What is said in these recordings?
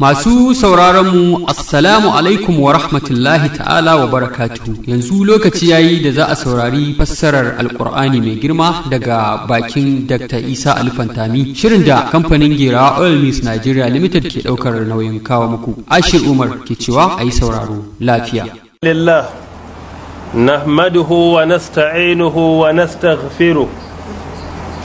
Masu sauraronmu, Assalamu alaikum wa rahmatullahi ta'ala wa barakatuhu. Yanzu lokaci yayi da za a saurari fassarar Alƙur'ani mai girma daga bakin Dr. Isa Alfantami, shirin da kamfanin Gera Oil Mills Nigeria Limited ke ɗaukar nauyin kawo muku. Ashir Umar ke cewa a yi sauraro lafiya. Lillah, nahmaduhu wa nasta'inuhu wa nastaghfiruh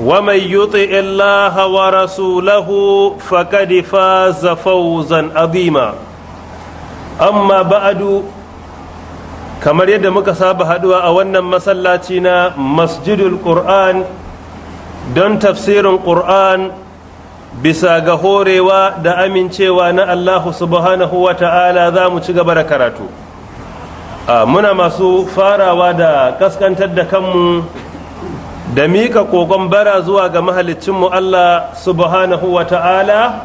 ومن يطع الله ورسوله فقد فاز فوزا عظيما أما بعد kamar yadda muka saba haɗuwa a wannan masallaci na masjidul qur'an don tafsirin qur'an bisa ga horewa da amincewa na allahu subhanahu wa ta'ala za mu ci gaba da karatu muna masu farawa da kaskantar da kanmu da mika kogon bara zuwa ga mu Allah subhanahu wa ta'ala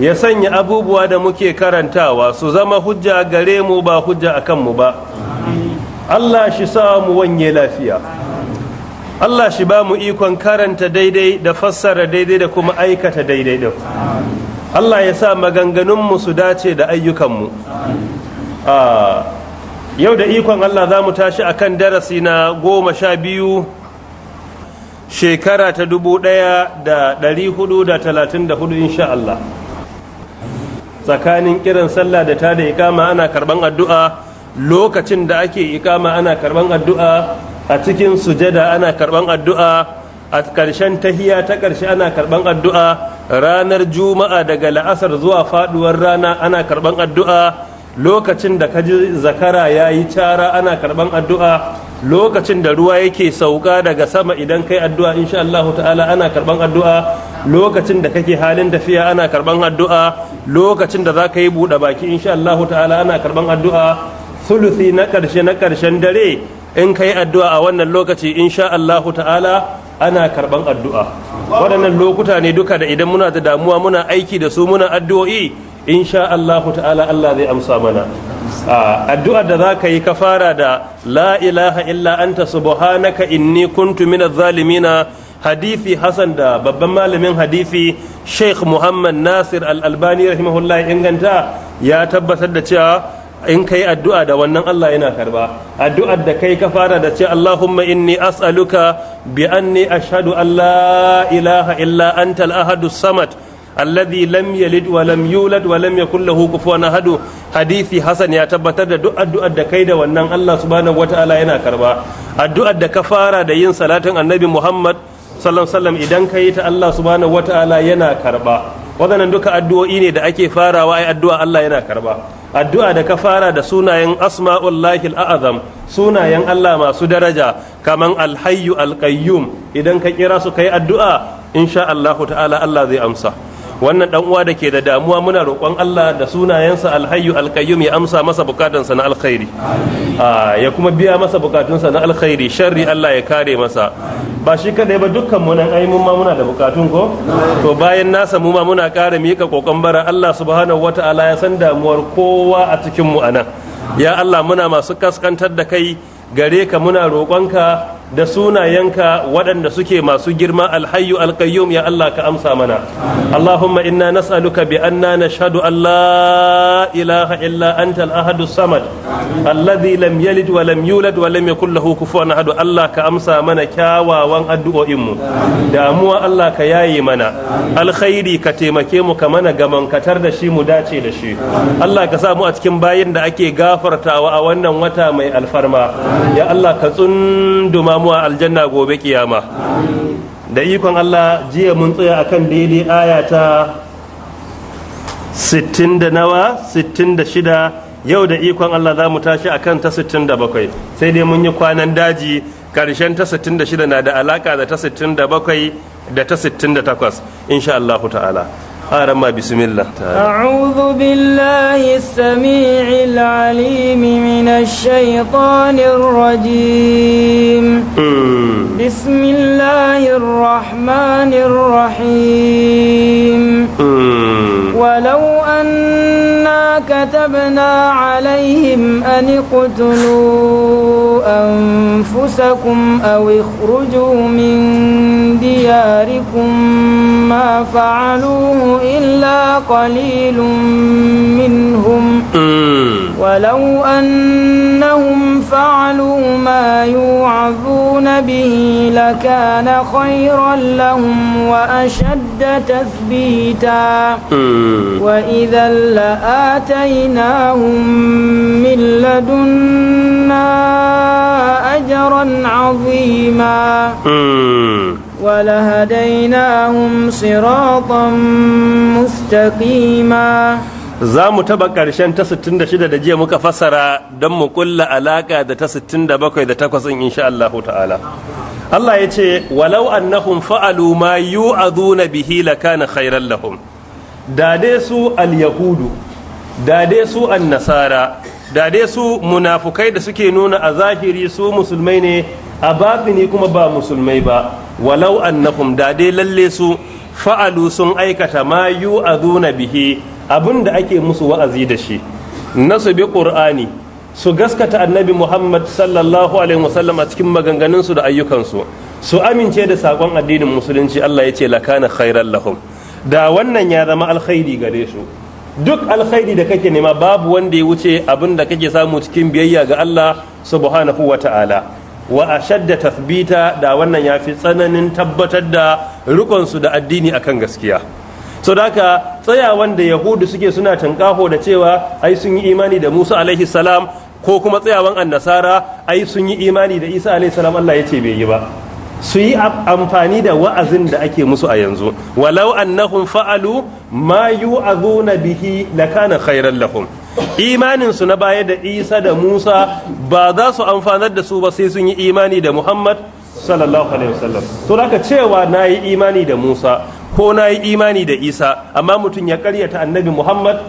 ya sanya abubuwa da muke karantawa su zama hujja gare mu ba hujja a mu ba Allah shi sa mu wanye lafiya Allah shi ba mu ikon karanta daidai da fassara daidai da kuma aikata daidai din Allah ya sa maganganunmu su dace da ayyukan mu. Ah, yau da ikon Allah za mu tashi akan darasi na goma sha biyu shekara ta dubu ɗaya da ɗari hudu da talatin da hudu insha Allah tsakanin kiran sallah da ta da ikama ana karban addu'a lokacin da ake ikama ana karban addu'a a cikin sujada ana karban addu'a a ƙarshen tahiya ta ƙarshe ana karban addu'a ranar juma'a daga la'asar zuwa faɗuwar rana ana karban addu'a lokacin da ka ji zakara ya yi cara ana karban addu'a lokacin da ruwa yake sauka daga sama idan kai addu'a insha Allah ta'ala ana karban addu'a lokacin da kake halin tafiya ana karban addu'a lokacin da za ka yi buɗe baki insha Allah ta'ala ana karban addu'a sulusi na karshe na karshen dare in kai addu'a a wannan lokaci insha Allah ta'ala ana karban addu'a waɗannan lokuta ne duka da idan muna da damuwa muna aiki da su muna addu'o'i insha Allah ta'ala Allah zai amsa mana addu'a da za ka yi ka fara da la ilaha illa anta subhanaka inni kuntu minadh zalimina hadithi hasan da babban malamin hadithi sheikh muhammad nasir al-albani rahimahullah inganta ya tabbatar da cewa in kai addu'a da wannan Allah yana karba addu'ar da kai ka fara da ce Allahumma inni as'aluka bi anni ashhadu an ilaha illa anta ahadu samad alladhi lam yalid wa lam yulad wa lam yakul lahu kufuwan ahad hadisi hasan ya tabbatar da duk addu'a da kai da wannan Allah subhanahu wataala yana karba addu'a da ka fara da yin salatin annabi Muhammad sallallahu alaihi wasallam idan kai ta Allah subhanahu wataala yana karba wadannan duka addu'o'i ne da ake farawa ai addu'a Allah yana karba addu'a da ka fara da sunayen asma'ullahi al'azam sunayen Allah masu daraja kaman alhayyu alqayyum idan ka kira su kai addu'a insha Allah ta'ala Allah zai amsa wannan dan uwa da ke da damuwa muna roƙon Allah da sunayensa alhayyu alkayyum ya amsa masa bukatunsa na alkhairi ah, ya kuma biya masa bukatunsa na alkhairi sharri Allah ya kare masa ba shi kadai ba dukkan mu nan ai mun ma muna da bukatun ko to bayan na samu ma muna ƙara mika kokon bara Allah subhanahu wataala ya san damuwar kowa a cikin mu anan ya Allah muna masu kaskantar da kai gare ka muna roƙonka da sunayenka waɗanda suke masu girma Alhayu, alkayyum ya Allah ka amsa mana Allahumma inna nas'aluka bi anna nashhadu an la ilaha illa anta al-ahadu samad alladhi lam yalid wa lam yulad wa lam yakul lahu kufuwan ahad Allah ka amsa mana kyawawan addu'o'in mu damuwa Allah ka yaye mana alkhairi ka taimake mu ka mana gamankatar da shi mu dace da shi Allah ka sa mu a cikin bayin da ake gafartawa a wannan wata mai alfarma ya Allah ka tsunduma samu a aljanna gobe kiyama da ikon Allah jiya mun tsaya akan daidai aya ta 60 da nawa 66 yau da ikon Allah za mu tashi akan ta 67 sai dai mun yi kwanan daji karshen ta 66 na da alaka da ta 67 da ta 68 insha Allah ta'ala أرمى بسم الله تعالى أعوذ بالله السميع العليم من الشيطان الرجيم بسم الله الرحمن الرحيم ولو كتبنا عليهم أن اقتلوا أنفسكم أو اخرجوا من دياركم ما فعلوه إلا قليل منهم ولو أنهم فعلوا ما يوعظون به لكان خيرا لهم وأشد تثبيتا وإذا لآت آتيناهم من لدنا أجرا عظيما ولهديناهم صراطا مستقيما za mu taɓa ƙarshen ta 66 da jiya muka fassara don mu kulla alaƙa da ta 67 da 8 insha Allahu ta'ala. Allah ya ce, walau annahum fa'alu ma yu'aduna bihi lakana khairan lahum. Da dai su al-yahudu da dai su annasara da dai su munafukai da suke nuna a zahiri su musulmai ne a batini kuma ba musulmai ba walau annahum da dai lalle su fa'alu sun aikata ma azuna bihi abinda ake musu wa'azi da shi nasu bi qur'ani su gaskata annabi muhammad sallallahu alaihi wasallam a cikin maganganunsu da ayyukansu su amince da sakon addinin musulunci allah ya ce lakana khairan lahum da wannan ya zama alkhairi gare su duk alkhairi da kake nema babu wanda ya wuce abin da kake samu cikin biyayya ga Allah subhanahu wa ta'ala wa ashadda tathbita da wannan ya fi tsananin tabbatar da rikonsu da addini akan gaskiya so haka tsayawan da yahudu suke suna tankaho da cewa ai sun yi imani da musa alaihi salam ko kuma tsayawan annasara ai sun yi imani da isa alaihi salam allah ya ce bai yi ba su yi amfani da wa'azin da ake musu a yanzu walau annahum fa'alu ma na bihi lakana khairan lahum imanin su na baya da Isa da Musa ba za su amfanar da su ba sai sun yi imani da Muhammad sallallahu alaihi wasallam to haka cewa nayi imani da Musa ko nayi imani da Isa amma mutum ya karyata annabi Muhammad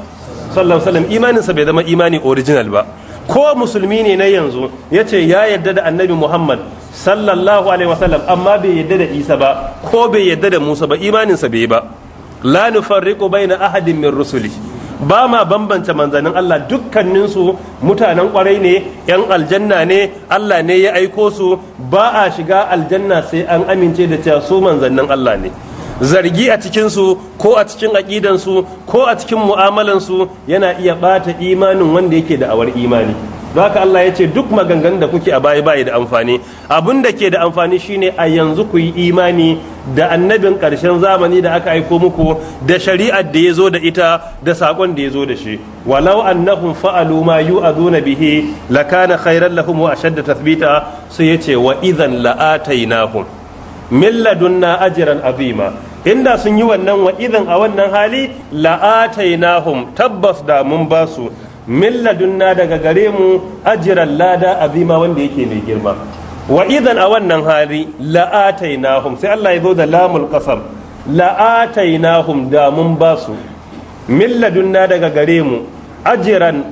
sallallahu alaihi wasallam imaninsa bai zama imani original ba ko musulmi ne na yanzu ya ya yarda da annabi Muhammad sallallahu alaihi wasallam amma bai yadda da isa ba ko bai yadda da musa ba imaninsa bai ba la nufarriqu baina ahadin min rusuli ba ma bambance manzannin Allah dukkaninsu mutanen kwarai ne yan aljanna ne Allah ne ya aiko su ba a shiga aljanna sai an amince da cewa su manzannin Allah ne zargi a cikinsu ko a cikin aƙidansu ko a cikin mu'amalansu yana iya bata imanin wanda yake da awar imani don haka Allah ya ce duk maganganun da kuke a baya baya da amfani abin da ke da amfani shine a yanzu ku yi imani da annabin ƙarshen zamani da aka aiko muku da shari'ar da ya zo da ita da saƙon da ya zo da shi walau annahum fa'alu ma yu'aduna bihi lakana khairan lahum wa ashadda tathbita sai yace wa idhan la'atainahum min ladunna ajran azima inda sun yi wannan wa idan a wannan hali la'atainahum tabbas da mun basu milladunna daga gare mu ajiran lada azima wanda yake mai girma wa idan a wannan hali la'atainahum sai Allah ya zo da lamul qasam la'atainahum da mun ba su milladunna daga gare mu ajiran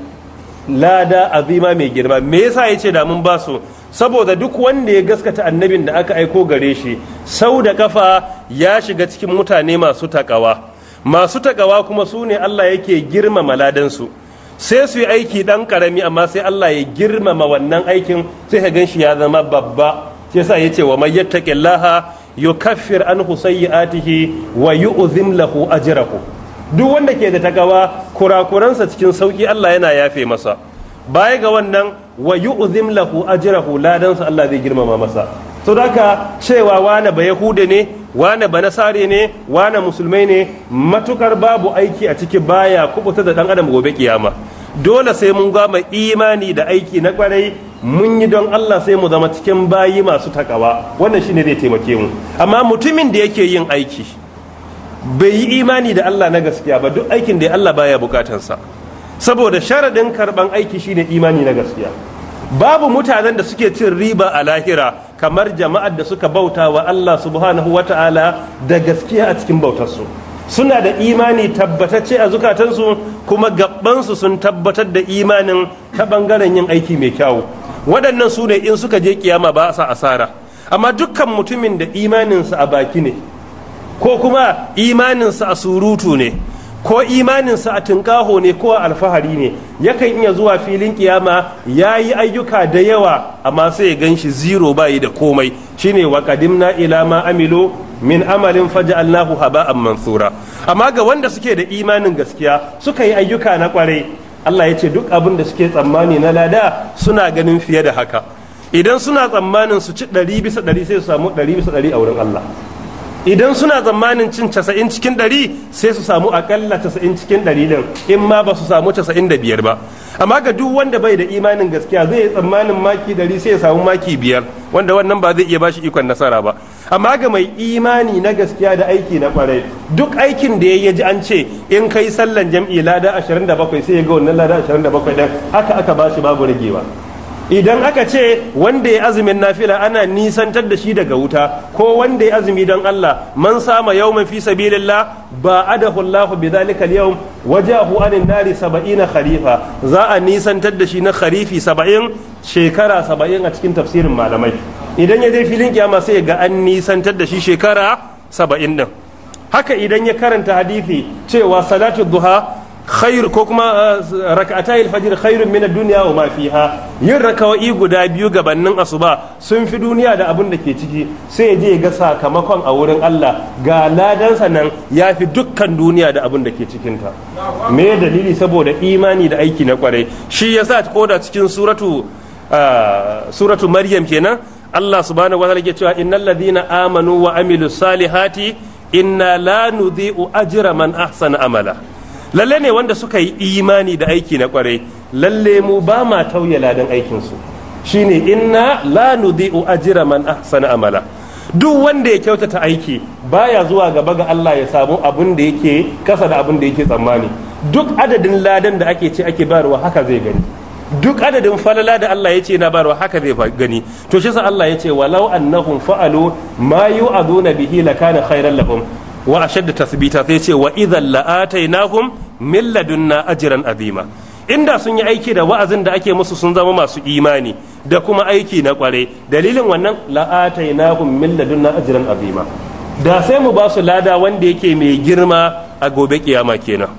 lada azima mai girma me yasa yace da mun ba su saboda duk wanda ya gaskata annabin da aka aiko gare shi sau da kafa ya shiga cikin mutane masu takawa masu takawa kuma sune Allah yake girmama ladansu sai su yi aiki ɗan karami amma sai Allah ya girmama wannan aikin sai ka gan shi ya zama babba sai yasa ya ce wa may yattaqillaha yukaffir anhu sayyi'atihi wa yu'zim lahu ajrahu duk wanda ke da takawa kurakuransa cikin sauki Allah yana yafe masa baya ga wannan wa yu'zim lahu ajrahu ladansa Allah zai girmama masa to haka cewa wani ba yahude ne wane banasare ne wane musulmai ne matukar babu aiki a ciki baya kubuta da dan adam gobe kiyama dole sai mun gama imani da aiki na kwarai mun yi don Allah sai mu zama cikin bayi masu takawa wannan shine zai taimake mu amma mutumin da yake yin aiki bai yi imani da Allah na gaskiya ba duk aikin da Allah baya bukatansa saboda sharadin karban aiki shine imani na gaskiya babu mutanen da suke cin riba a lahira kamar jama'ar da suka bauta wa Allah subhanahu ta'ala da gaskiya a cikin bautarsu suna da imani tabbatacce a zukatansu kuma gabansu sun tabbatar da imanin ta bangaren yin aiki mai kyau. waɗannan su ne in suka je kiyama ba sa asara amma dukkan mutumin da imaninsa a baki ne ko kuma imaninsa a surutu ne ko imaninsa a tunƙaho ne ko alfahari ne yakan iya zuwa filin kiyama ya yi ayyuka da yawa amma sai ya gan shi zero bayi da komai shine wa ƙadim ila ma amilo min amalin faja allahu haba'an mansura amma ga wanda suke da imanin gaskiya suka yi ayyuka na kwarai Allah ya ce duk abin da suke tsammani na lada suna ganin fiye da haka idan suna tsammanin su ci ɗari bisa ɗari sai su samu ɗari bisa ɗari a wurin Allah idan suna tsammanin cin casa'in cikin ɗari sai su samu akalla casa'in cikin ɗari ɗin in ma ba su samu casa'in da biyar ba amma ga duk wanda bai da imanin gaskiya zai yi tsammanin maki ɗari sai ya samu maki biyar wanda wannan ba zai iya shi ikon nasara ba amma ga mai imani na gaskiya da aiki na kwarai duk aikin da ya ji an ce in kai sallan jam'i lada 27 sai ya ga wannan lada 27 ɗin haka aka ba shi babu ragewa idan aka ce wanda ya azumin nafila ana nisantar da shi daga wuta ko wanda ya azumi don Allah man sama yawman fi sabilillah ba adahu Allahu bi dhalika al-yawm wajahu anin nari 70 kharifa za a nisantar da shi na kharifi 70 shekara 70 a cikin tafsirin malamai idan ya je filin kiyama sai ga an nisantar da shi shekara 70 din haka idan ya karanta hadisi cewa salatu duha khair ko kuma uh, rak'atayil fajr khairun min ad-dunya wa ma fiha yin rakawai guda biyu gabanin asuba sun fi duniya da abin da ke ciki sai je ga sakamakon a wurin Allah ga ladansa nan ya fi dukkan duniya da abin da ke cikin ta me dalili saboda imani da aiki na kwarai shi yasa koda cikin suratu uh, suratu maryam kenan Allah subhanahu wa ta'ala ke cewa innal ladina amanu wa amilus salihati inna la nudhi'u ajra man ahsana amala lalle ne wanda suka yi imani da aiki na kwarai lalle mu ba ma tauye ladan aikinsu shine inna la nudi'u ajra man ahsana amala duk wanda ya kyautata aiki baya zuwa gaba ga Allah ya samu abin da yake kasa da abin da yake tsammani duk adadin ladan da ake ce ake bayarwa haka zai gani duk adadin falala da Allah ya ce na barwa haka zai gani to shi sa Allah ya ce walau annahum fa'alu ma yu'aduna bihi lakana khairan lahum wa ashadda tasbita sai ce wa idhan la'atainahum min ladunna ajran azima inda sun yi aiki da wa'azin da ake musu sun zama masu imani da kuma aiki na kware dalilin wannan la'atainahum min ladunna ajran azima da sai mu ba su lada wanda yake mai girma a gobe kiyama kenan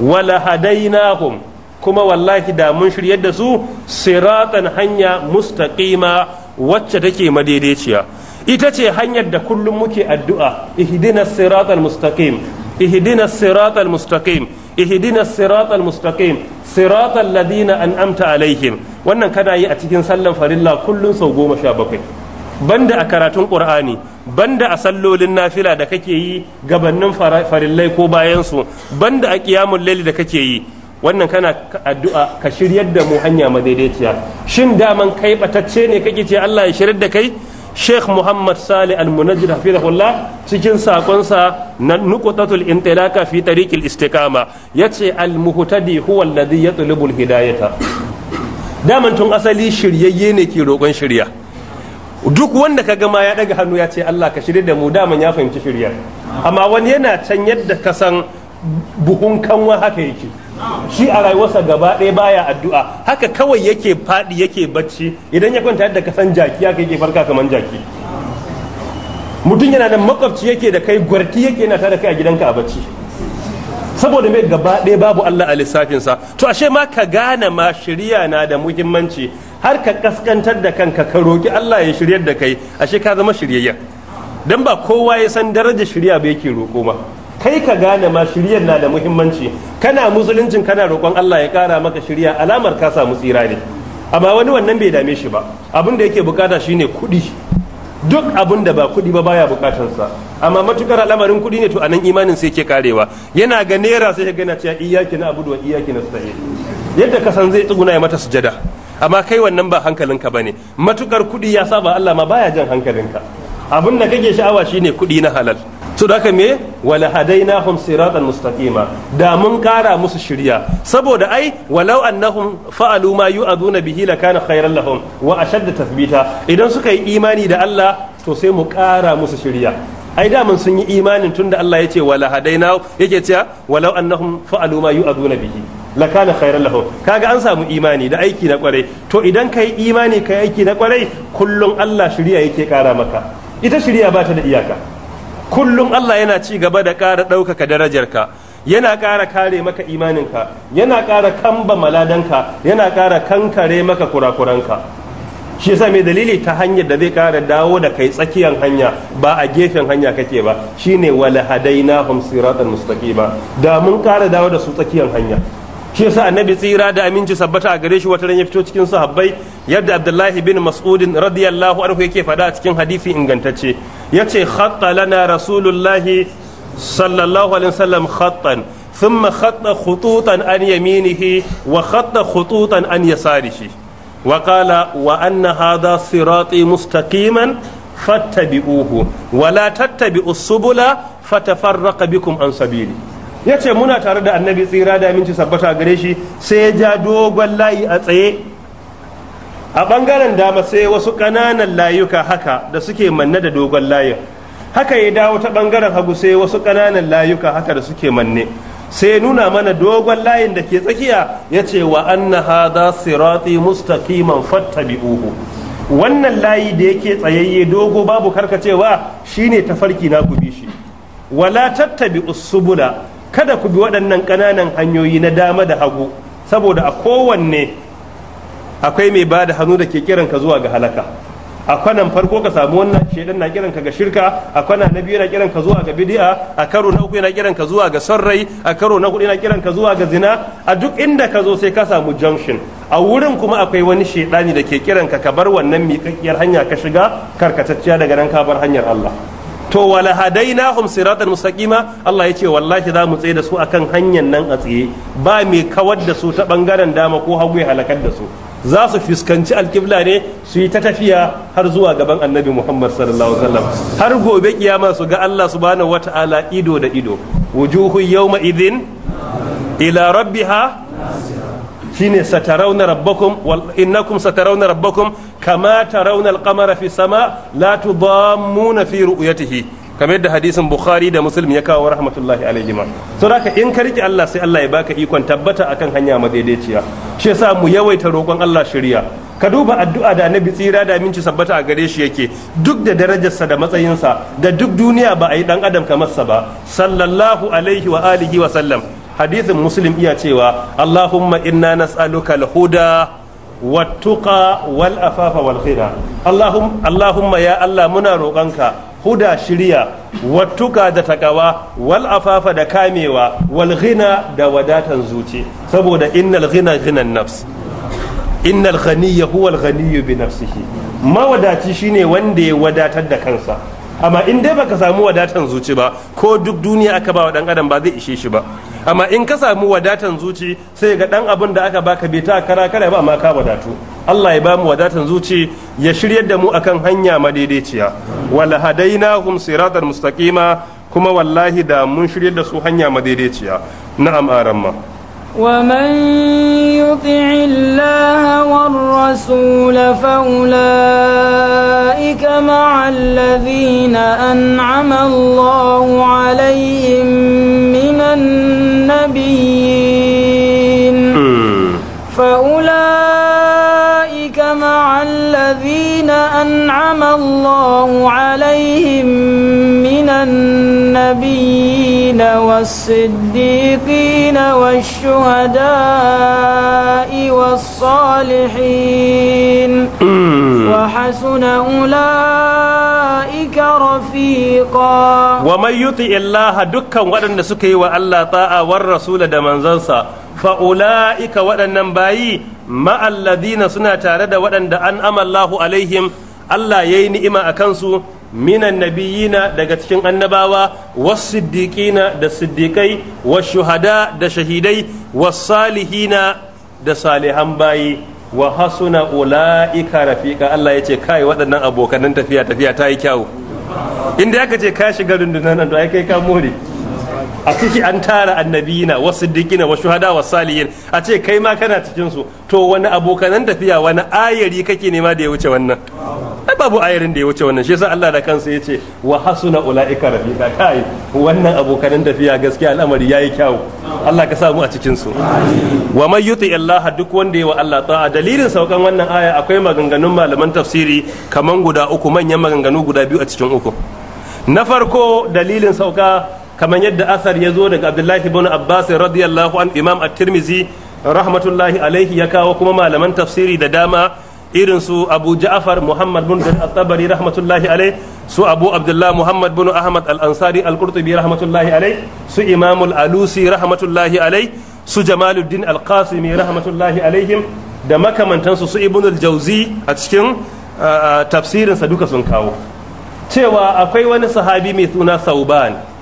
wala hadainahum kuma wallahi da mun shiryar da su siratan hanya mustaqima wacce take madaidaiciya ita ce hanyar da kullum muke addu'a ihdina siratal mustaqim ihdina siratal mustaqim ihdina siratal mustaqim siratal ladina an'amta alaihim wannan kana yi a cikin sallan farilla kullum sau goma sha bakwai banda a karatun qur'ani banda a sallolin nafila da kake yi gabannin farillai ko bayansu banda a ƙiyamun layli da kake yi wannan kana addu'a ka shiryar da mu hanya madaidaiciya shin daman kai batacce ne kake ce Allah ya shiryar da kai sheikh muhammad salih al-munajjid hafizahullah cikin sakonsa na nukutatul intilaka fi tariqil istiqama yace al-muhtadi huwa alladhi yatlubul hidayata daman tun asali shiryayye ne ke roƙon shirya duk wanda ka gama ya daga hannu ya ce Allah ka shirya da mu daman ya fahimci shirya amma wani yana can yadda ka san buhun kanwa haka yake shi a rayuwarsa gaba ɗaya baya addu'a haka kawai yake faɗi yake bacci idan ya kwanta yadda ka san jaki haka yake farka kamar jaki mutum yana da makwabci yake da kai gwarki yake yana tare kai a gidanka a bacci saboda mai gaba ɗaya babu Allah a lissafinsa to ashe ma ka gane ma shirya na da muhimmanci har ka kaskantar da kanka ka roki Allah ya shiryar da kai ashe ka zama shiryayya dan ba kowa ya san darajar shirya ba yake roko ba kai ka gane ma shiryar na da muhimmanci kana musuluncin kana roƙon Allah ya kara maka shirya alamar ka samu tsira ne amma wani wannan bai dame shi ba abin da yake bukata shine kuɗi duk abin da ba kuɗi ba baya sa amma matukar al'amarin kuɗi ne to anan imanin sai yake karewa yana ga naira sai ya gana cewa iyyaki na abudu wa iyyaki nasta'in yadda ka san zai tsuguna ya mata sujada amma kai wannan ba hankalinka bane matukar kuɗi ya saba Allah ma baya jan hankalinka abin da kake sha'awa shine kuɗi na halal su da me wala hadaina hum siratan mustaqima da mun kara musu shirya saboda ai walau annahum fa'alu ma yu'aduna bihi lakana khairan lahum wa ashadda tathbita idan suka yi imani da Allah to sai mu kara musu shirya ai da mun sun yi imanin tunda Allah yace wala hadaina yake cewa walau annahum fa'alu ma yu'aduna bihi lakana khairan lahum kaga an samu imani da aiki na kwarai to idan kai imani kai aiki na kwarai kullum Allah shirya yake kara maka ita shirya ba ta da iyaka kullum Allah yana ci gaba da ƙara ɗaukaka darajarka yana ƙara kare maka imaninka yana ƙara kamba maladanka yana ƙara kankare maka kurakuranka shi yasa mai dalili ta hanyar da zai ƙara dawo da kai tsakiyar hanya ba a gefen hanya kake ba shine wala hum siratal mustaqima da mun ƙara dawo da su tsakiyar hanya shi yasa annabi tsira da aminci sabbata a gare shi wata ran ya fito cikin sahabbai yadda abdullahi bin mas'udin radiyallahu anhu yake faɗa a cikin hadisi ingantacce yace khatta lana rasulullahi sallallahu alaihi wasallam khattan thumma khatta khututan an yaminihi wa khatta khututan an yasarihi wa qala wa anna hadha sirati mustaqiman fattabi'uhu wa la tattabi'us subula fatafarraqa bikum an sabili ya ce muna tare da annabi tsira da aminci sabbata gare shi sai ya ja dogon layi a tsaye a ɓangaren dama sai wasu ƙananan layuka haka da suke manne da dogon layin haka ya dawo ta ɓangaren hagu sai wasu ƙananan layuka haka da suke manne sai nuna mana dogon layin da ke tsakiya ya ce wa anna hada sirati mustaqiman fattabi'uhu wannan layi da yake tsayayye dogo babu karkacewa shine tafarki na ku bi shi wala tattabi usubula kada ku bi waɗannan ƙananan hanyoyi na dama da hagu saboda a kowanne akwai mai ba da hannu da ke kiran ka zuwa ga halaka a kwanan farko ka samu wannan shaidan na kiran ga shirka a kwana na biyu na kiran ka zuwa ga bid'a a karo na uku na kiran zuwa ga son a karo na hudu na kiran zuwa ga zina a duk inda ka zo sai ka samu junction a wurin kuma akwai wani shaidani da ke kiranka ka ka bar wannan miƙaƙƙiyar hanya ka shiga karkatacciya daga nan ka bar hanyar Allah to wala hadainahum siratan mustaqima Allah ya ce wallahi za mu tsaye da su akan hanyar nan a tsaye ba mai kawar da su ta bangaren dama ko hagu ya halakar da su za su fuskanci alkibla ne su yi ta tafiya har zuwa gaban annabi muhammad sallallahu alaihi wasallam har gobe kiyama su ga allah subhanahu wataala ido da ido wujuhu yawma idhin ila rabbiha shine satarawna rabbakum wal innakum satarawna rabbakum kama tarawna al fi sama la tudammuna fi ru'yatihi kamar da hadisin bukhari da muslim ya kawo rahmatullahi alaihima so da in ka rike Allah sai Allah ya baka ikon tabbata akan hanya madaidaiciya shi yasa mu yawaita roƙon Allah shirya ka duba addu'a da annabi tsira da minci sabbata a gare shi yake duk da darajarsa da matsayinsa da duk duniya ba a yi dan adam kamar sa ba sallallahu alaihi wa alihi wa sallam hadisin muslim iya cewa allahumma inna nas'aluka al-huda wattuqa wal afafa wal khira allahum allahumma ya allah muna roƙonka huda shiriya wattuka da takawa wal afafa da kamewa wal ghina da wadatan zuci saboda innal ghina ghinan nafs innal ghaniyya huwa al ghaniyyu bi nafsihi mawadaci shine wanda ya wadatar da kansa amma in dai baka samu wadatan zuci ba ko duk duniya aka ba wa dan adam ba zai ishe shi ba amma in ka samu wadatan zuci sai ga dan abin da aka baka bai ta kara kara ba amma ka wadatu Allah ya bamu wadatan zuci ya shiryar da mu akan hanya madaidaiciya wal hadainahum siratal mustaqima kuma wallahi da mun shiryar da su hanya madaidaiciya na'am aramma ومن يطع الله والرسول فأولئك مع الذين أنعم الله عليهم النبيين فأولئك مع الذين أنعم الله عليهم من النبيين والصديقين والشهداء والصالحين وحسن أولئك رفيقا ومن يطع الله دكا ودن سكي وألا طاعة والرسول دمن زنسا فأولئك ودن باي مع الذين سنة تارد ودن أن أم الله عليهم Allah ya yi ni'ima a kansu minan nabiyina daga cikin annabawa was-siddiqina da siddiqai wasu shuhada da shahidai was-salihina da salihan bayi wa hasuna ula'ika rafiqa Allah ce kai waɗannan abokanan tafiya tafiya ta yi kyau inda aka ce ka shiga rundunar nan to ai kai ka more a ciki an tara annabina wasu siddiqina wa shuhada wa salihin a ce kai ma kana cikin su to wani abokanan tafiya wani ayari kake nema da ya wuce wannan ai babu ayarin da ya wuce wannan shi yasa Allah da kansa ya ce wa hasuna ulaika rafiqa kai wannan abokanan tafiya gaskiya al'amari yayi kyau Allah ka samu a cikin su wa may yuti Allah duk wanda ya wa Allah ta'a dalilin saukan wannan aya akwai maganganun malaman tafsiri kaman guda uku manyan maganganu guda biyu a cikin uku na farko dalilin sauka kamar yadda asar ya zo daga abdullahi ibn abbas radiyallahu an imam at tirmidhi rahmatullahi alayhi ya kawo kuma malaman tafsiri da dama irin su abu ja'far muhammad bin al-tabari rahmatullahi alayhi su abu abdullah muhammad bin ahmad al-ansari al-qurtubi rahmatullahi alayhi su imam al-alusi rahmatullahi alayhi su jamaluddin al-qasimi rahmatullahi alayhim da makamantansu su ibn al-jauzi a cikin tafsirinsa duka sun kawo cewa akwai wani sahabi mai suna sauban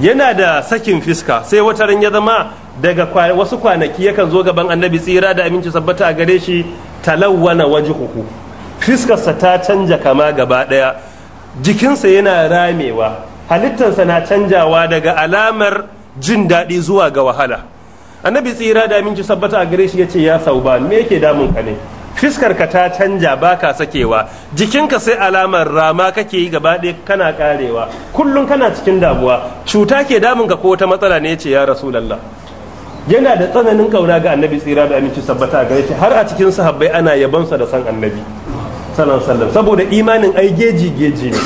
yana da sakin fiska sai wata ran ya zama daga wasu kwanaki yakan zo gaban annabi tsira da aminci sabbata a gare shi talawwana wajhuhu fiskarsa ta canja kama gaba daya jikinsa yana ramewa halittarsa na canjawa daga alamar jin daɗi zuwa ga wahala annabi tsira da aminci sabbata a gare shi ya ce ya sauba me yake damun ka ne fiskarka ta canja ba ka sakewa jikinka sai alamar rama kake yi gaba ɗaya kana karewa kullum kana cikin damuwa cuta ke damunka ko wata matsala ne ce ya rasulallah yana da tsananin kauna ga annabi tsira da aminci sabbata gare shi har a cikin sahabbai ana yabansa da san annabi sallallahu saboda imanin ai geji geji ne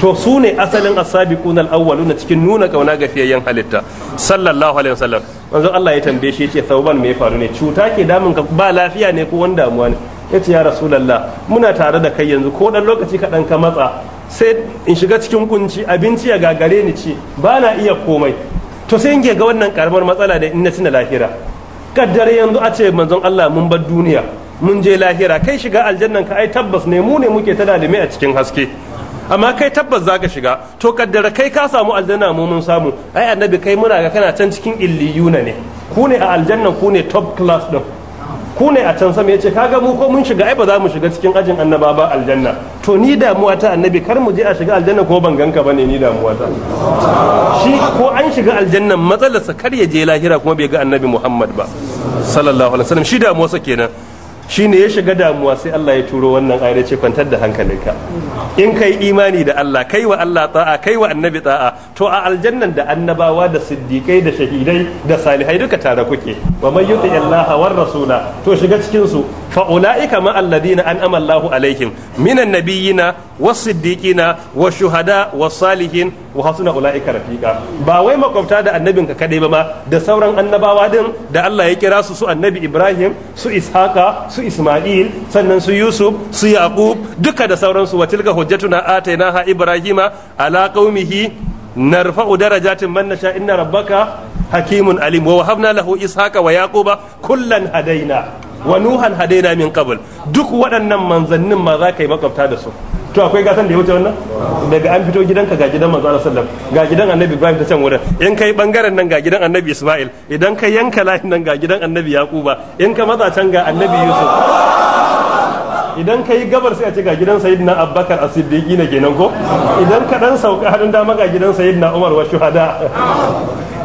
to su ne asalin asabiqun al na cikin nuna kauna ga fiyayyen halitta sallallahu alaihi wasallam manzo Allah ya tambaye shi yace sauban me ya faru ne cuta ke damun ka ba lafiya ne ko wani damuwa ne yace ya rasulullah muna tare da kai yanzu ko dan lokaci kaɗan ka matsa sai in shiga cikin kunci abinci ya gagare ni ce. ba na iya komai to sai in ga wannan karamar matsala da in na tuna lahira kaddare yanzu a ce manzon Allah mun bar duniya mun je lahira kai shiga aljannan ka ai tabbas ne mu ne muke ta dalime a cikin haske amma kai tabbas zaka shiga to kaddara kai ka samu aljanna mu mun samu ai annabi kai muna ga kana can cikin illiyuna ne ku ne a aljannan ku ne top class din ku ne a can sama yace kaga mu ko mun shiga ai ba za mu shiga cikin ajin annaba ba aljanna to ni damuwa ta annabi kar mu je a shiga aljanna ko ban ganka bane ni damuwa ta shi ko an shiga aljanna matsalarsa kar ya je lahira kuma bai ga annabi Muhammad ba sallallahu alaihi wasallam shi sa kenan shine ya shiga damuwa sai Allah ya turo wannan ayar ce kwantar da hankalinka in kai imani da Allah kai wa Allah ta'a kai wa annabi ta'a to a aljannan da annabawa da siddiqai da shahidai da salihai duka tare kuke wa man yuti Allah wa rasula to shiga cikin su fa ulaika ma alladhina an'ama Allahu alaihim minan nabiyina was-siddiqina wash-shuhada wa salihin wa hasuna ulaika rafiqa ba wai makwabta da annabin ka kadai ba ma da sauran annabawa din da Allah ya kira su su annabi Ibrahim su Ishaqa su Isma'il sannan su Yusuf su Yaqub duka da sauransu wa tilka hujjatuna atainaha Ibrahima ala qaumihi نرفع درجات من نشاء إن ربك حكيم عليم ووهبنا له إسحاق ويعقوب كلا هدينا wa nuhan hadaina min qabl duk waɗannan manzannin ma za ka yi makwabta da su to akwai gatan da ya wuce wannan daga an fito gidanka ga gidan manzo Allah sallam ga gidan annabi Ibrahim ta can wurin in kai bangaren nan ga gidan annabi Ismail idan kai yanka layin nan ga gidan annabi Yaquba in ka matsa can ga annabi Yusuf idan ka yi gabar sai a ce ga gidan sayyidina abbakar a siddiqi na kenan ko idan ka dan sauka hannun dama ga gidan sayyidina umar wa shuhada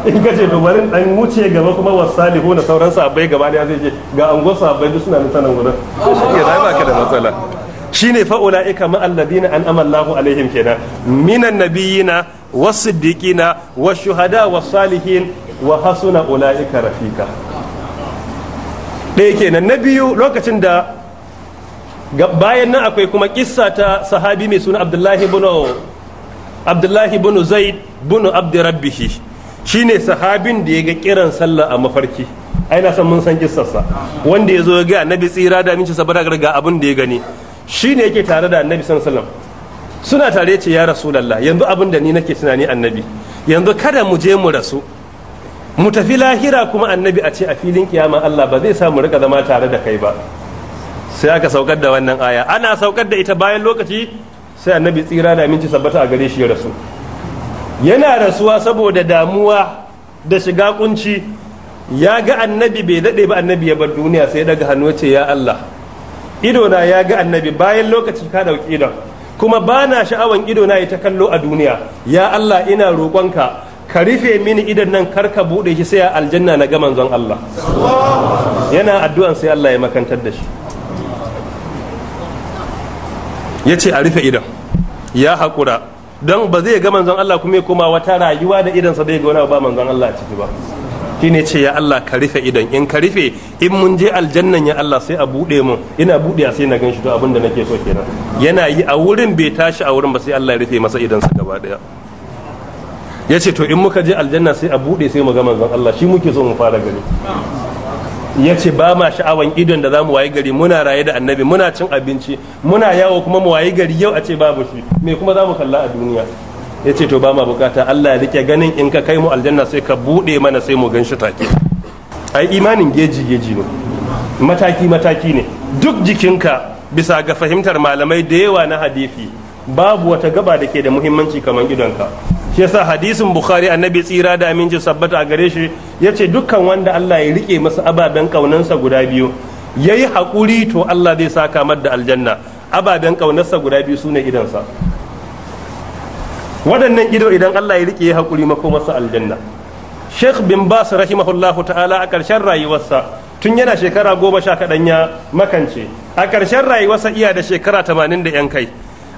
in ka ce to ɗan dan wuce gaba kuma wasalihu na sauran sabai gaba da zai je ga angon sabai duk suna nan gudan ah, shi shike dai baka da matsala shine fa ulaika ma alladina an amallahu alaihim kenan minan nabiyina was na wasu wasu salihin wa hasuna ulaika rafika ɗaya kenan na biyu lokacin da bayan nan akwai kuma kissa ta sahabi mai suna abdullahi ibn abdullahi ibn zaid ibn abdurrabbihi Shi ne sahabin da ya ga kiran sallah a mafarki ai na san mun san kissarsa wanda ya zo ya ga annabi tsira da minci sabara ga abin da ya gani Shi ne yake tare da annabi sallallahu alaihi wasallam suna tare ce ya rasulullah yanzu abin da ni nake tunani annabi yanzu kada mu je mu rasu mu tafi lahira kuma annabi a ce a filin kiyama Allah ba zai sa mu rika zama tare da kai ba sai aka saukar da wannan aya ana saukar da ita bayan lokaci sai annabi tsira da minci sabata a gare shi ya rasu yana rasuwa saboda damuwa da shiga kunci ya ga annabi bai daɗe ba annabi ya bar duniya sai daga hannu ce ya Allah idona ya ga annabi bayan lokaci ka ɗauki idon kuma ba na sha'awan idona ya ta kallo a duniya ya Allah ina roƙonka ka rufe mini idan nan kar ka buɗe shi sai a aljanna na gaman manzon Allah yana addu'an sai Allah ya makantar da shi ya ce a rufe idan ya haƙura don ba zai ga manzon Allah kuma ya koma wata rayuwa da idan sa zai ga wani ba manzon Allah ciki ba shine ce ya Allah ka rufe idan in ka rufe in mun je aljannan ya Allah sai a bude mun ina bude sai na gan shi to abin da nake so kenan yana yi a wurin bai tashi a wurin ba sai Allah ya rufe masa idan sa gaba daya ya ce to in muka je aljanna sai a bude sai mu ga manzon Allah shi muke so mu fara gani ya ce ba ma sha'awan idon da za mu wayi gari muna raye da annabi muna cin abinci muna yawo kuma mu wayi gari yau a ce babu shi me kuma za mu kalla a duniya ya ce to ba ma bukata Allah ya rike ganin in ka kai mu aljanna sai ka buɗe mana sai mu gan shi take ai imanin geji geji ne mataki mataki ne duk jikinka bisa ga fahimtar malamai da yawa na hadisi babu wata gaba da ke da muhimmanci kamar idonka shi yasa hadisin bukhari annabi tsira da aminci sabbata a gare shi ya ce dukkan wanda allah ya rike masa ababen kaunansa guda biyu ya yi haƙuri to allah zai sa kamar da aljanna ababen kaunarsa guda biyu su ne idansa waɗannan ido idan allah ya rike ya haƙuri masa aljanna sheikh bin bas rahimahullahu ta'ala a ƙarshen rayuwarsa tun yana shekara goma sha kaɗan ya makance a ƙarshen rayuwarsa iya da shekara tamanin da yan kai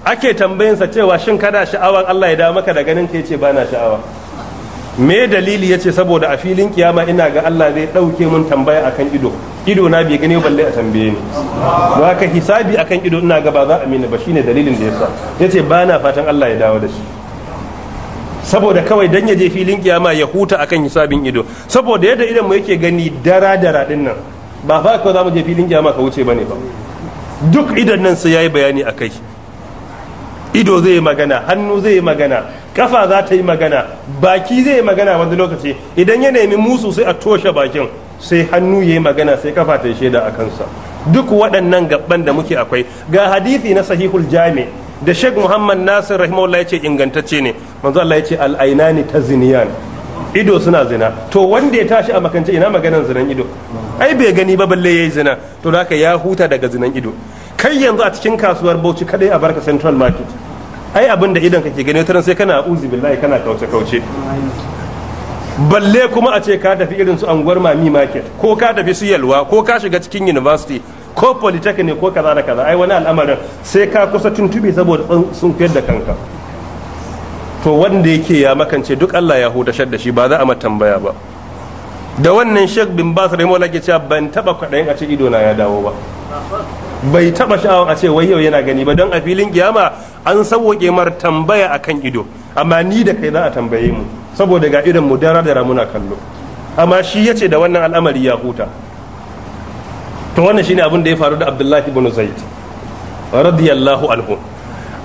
ake tambayinsa cewa shin kada sha'awan Allah ya da maka da ganin ka yace ba na sha'awa me dalili yace saboda a filin kiyama ina ga Allah zai dauke mun tambaya akan ido ido na bai gani balle a tambaye ni don haka hisabi akan ido ina ga ba za a mini ba shine dalilin da yasa yace ba na fatan Allah ya dawo da shi saboda kawai dan ya je filin kiyama ya huta akan hisabin ido saboda yadda idan mu yake gani dara dara din nan ba fa ka za mu je filin kiyama ka wuce bane ba duk idan nan sai yayi bayani akai ido zai yi magana hannu zai yi magana kafa za ta yi magana baki zai yi magana wani lokaci idan ya nemi musu sai a toshe bakin sai hannu ya yi magana sai kafa ta yi shaida a kansa duk waɗannan gaban da muke akwai ga hadithi na sahihul jami da sheikh muhammad nasir rahimahullah ya ce ingantacce ne manzo Allah ya ce al'ainani ta ziniyan ido suna zina to wanda ya tashi a makance ina maganan zinan ido ai bai gani ba balle yayi zina to da ya huta daga zinan ido kai yanzu a cikin kasuwar bauchi kadai a barka central market ai abin da idan kake gani taron sai kana uzi billahi kana kauce kauce balle kuma a ce ka tafi irin su anguwar mami market ko ka tafi su yalwa ko ka shiga cikin university ko polytechnic ko kaza da kaza ai wani al'amarin sai ka kusa tuntubi saboda sun fiyar da kanka to wanda yake ya makance duk Allah ya hutashar da shi ba za a tambaya ba da wannan sheikh bin bas rahimahullah ke cewa ban taba kwaɗayin a ce ido na ya dawo ba bai taba sha'awar a ce wai yau yana gani ba don a filin kiyama an sauwake mar tambaya akan ido amma ni da kai za a tambaye mu saboda ga idan mu dara da ramuna kallo amma shi ya ce da wannan al'amari ya huta to wannan shine abin da ya faru da Abdullahi ibn Zaid radiyallahu anhu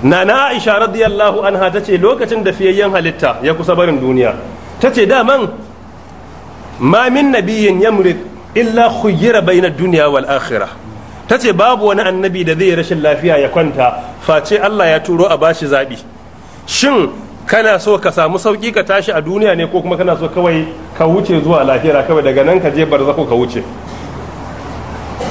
nana Aisha radiyallahu anha tace lokacin da fiyayyen halitta ya kusa barin duniya tace daman ma min nabiyyin yamrid illa khuyyira bainar duniya wal akhirah ta ce babu wani annabi da zai rashin lafiya ya kwanta face Allah ya turo a bashi zaɓi shin kana so ka samu sauki ka tashi a duniya ne ko kuma kana so kawai ka wuce zuwa lahira kawai daga nan ka je barzako ka wuce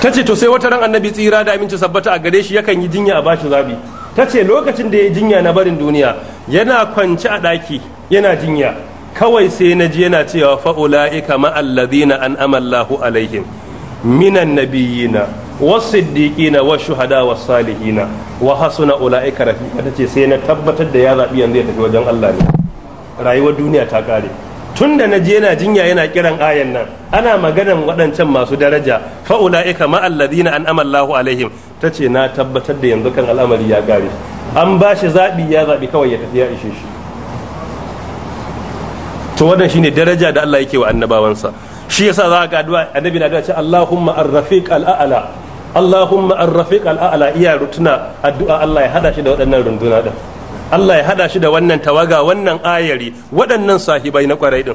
ta ce to sai wata ran annabi tsira da aminci sabbata a gare shi yakan yi jinya a bashi zabi ta ce lokacin da ya jinya na barin duniya yana kwance a ɗaki yana jinya kawai sai na ji yana cewa fa'ula'ika ma'allazina an amallahu alaihim minan nabiyina wasiddiqina washuhada wasalihina wa hasuna ulaika rafiqa tace sai na tabbatar da ya zabi yanzu ya tafi wajen Allah ne rayuwar duniya ta kare tun da na je yana jinya yana kiran ayan nan ana maganan waɗancan masu daraja fa ulaika ma alladhina an'ama Allahu alaihim tace na tabbatar da yanzu kan al'amari ya gare. an ba shi zabi ya zabi kawai ya tafi ya ishe shi to wannan shine daraja da Allah yake wa annabawansa shi yasa za ka ga addu'a annabi na da ce Allahumma ar-rafiq al-a'la Allahumma arrafiq al'a'la iya rutuna addu'a Allah ya hada shi da waɗannan runduna ɗin. Allah ya hada shi da wannan tawaga wannan ayari waɗannan sahibai na kwarai din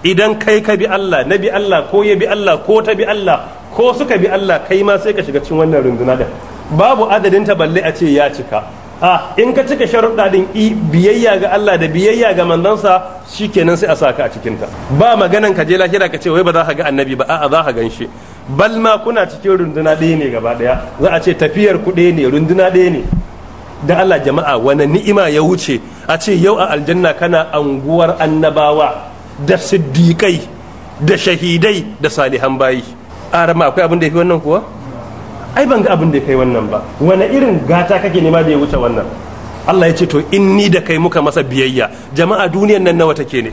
idan kai ka bi Allah na bi Allah ko ya bi Allah ko ta bi Allah ko suka bi Allah kai ma sai ka shiga cin wannan runduna ɗin. babu adadin ta balle a ce ya cika a ah, in ka cika sharuɗa ɗin biyayya ga Allah da biyayya ga shi shikenan sai a sa ka a cikinta. ba maganan ka je lahira ka ce wai ba za ka ga annabi ba a'a za ka gan bal ma kuna cikin runduna ɗaya ne gaba ɗaya za a ce tafiyar ku ɗaya ne runduna ɗaya ne da Allah jama'a wani ni'ima ya wuce a ce yau a aljanna kana anguwar annabawa da siddiƙai da shahidai da salihan bayi a rama akwai abin da ya fi wannan kuwa ai ban ga abin da ya kai wannan ba wani irin gata kake nema da ya wuce wannan Allah ya ce to in ni da kai muka masa biyayya jama'a duniyar nan nawa take ne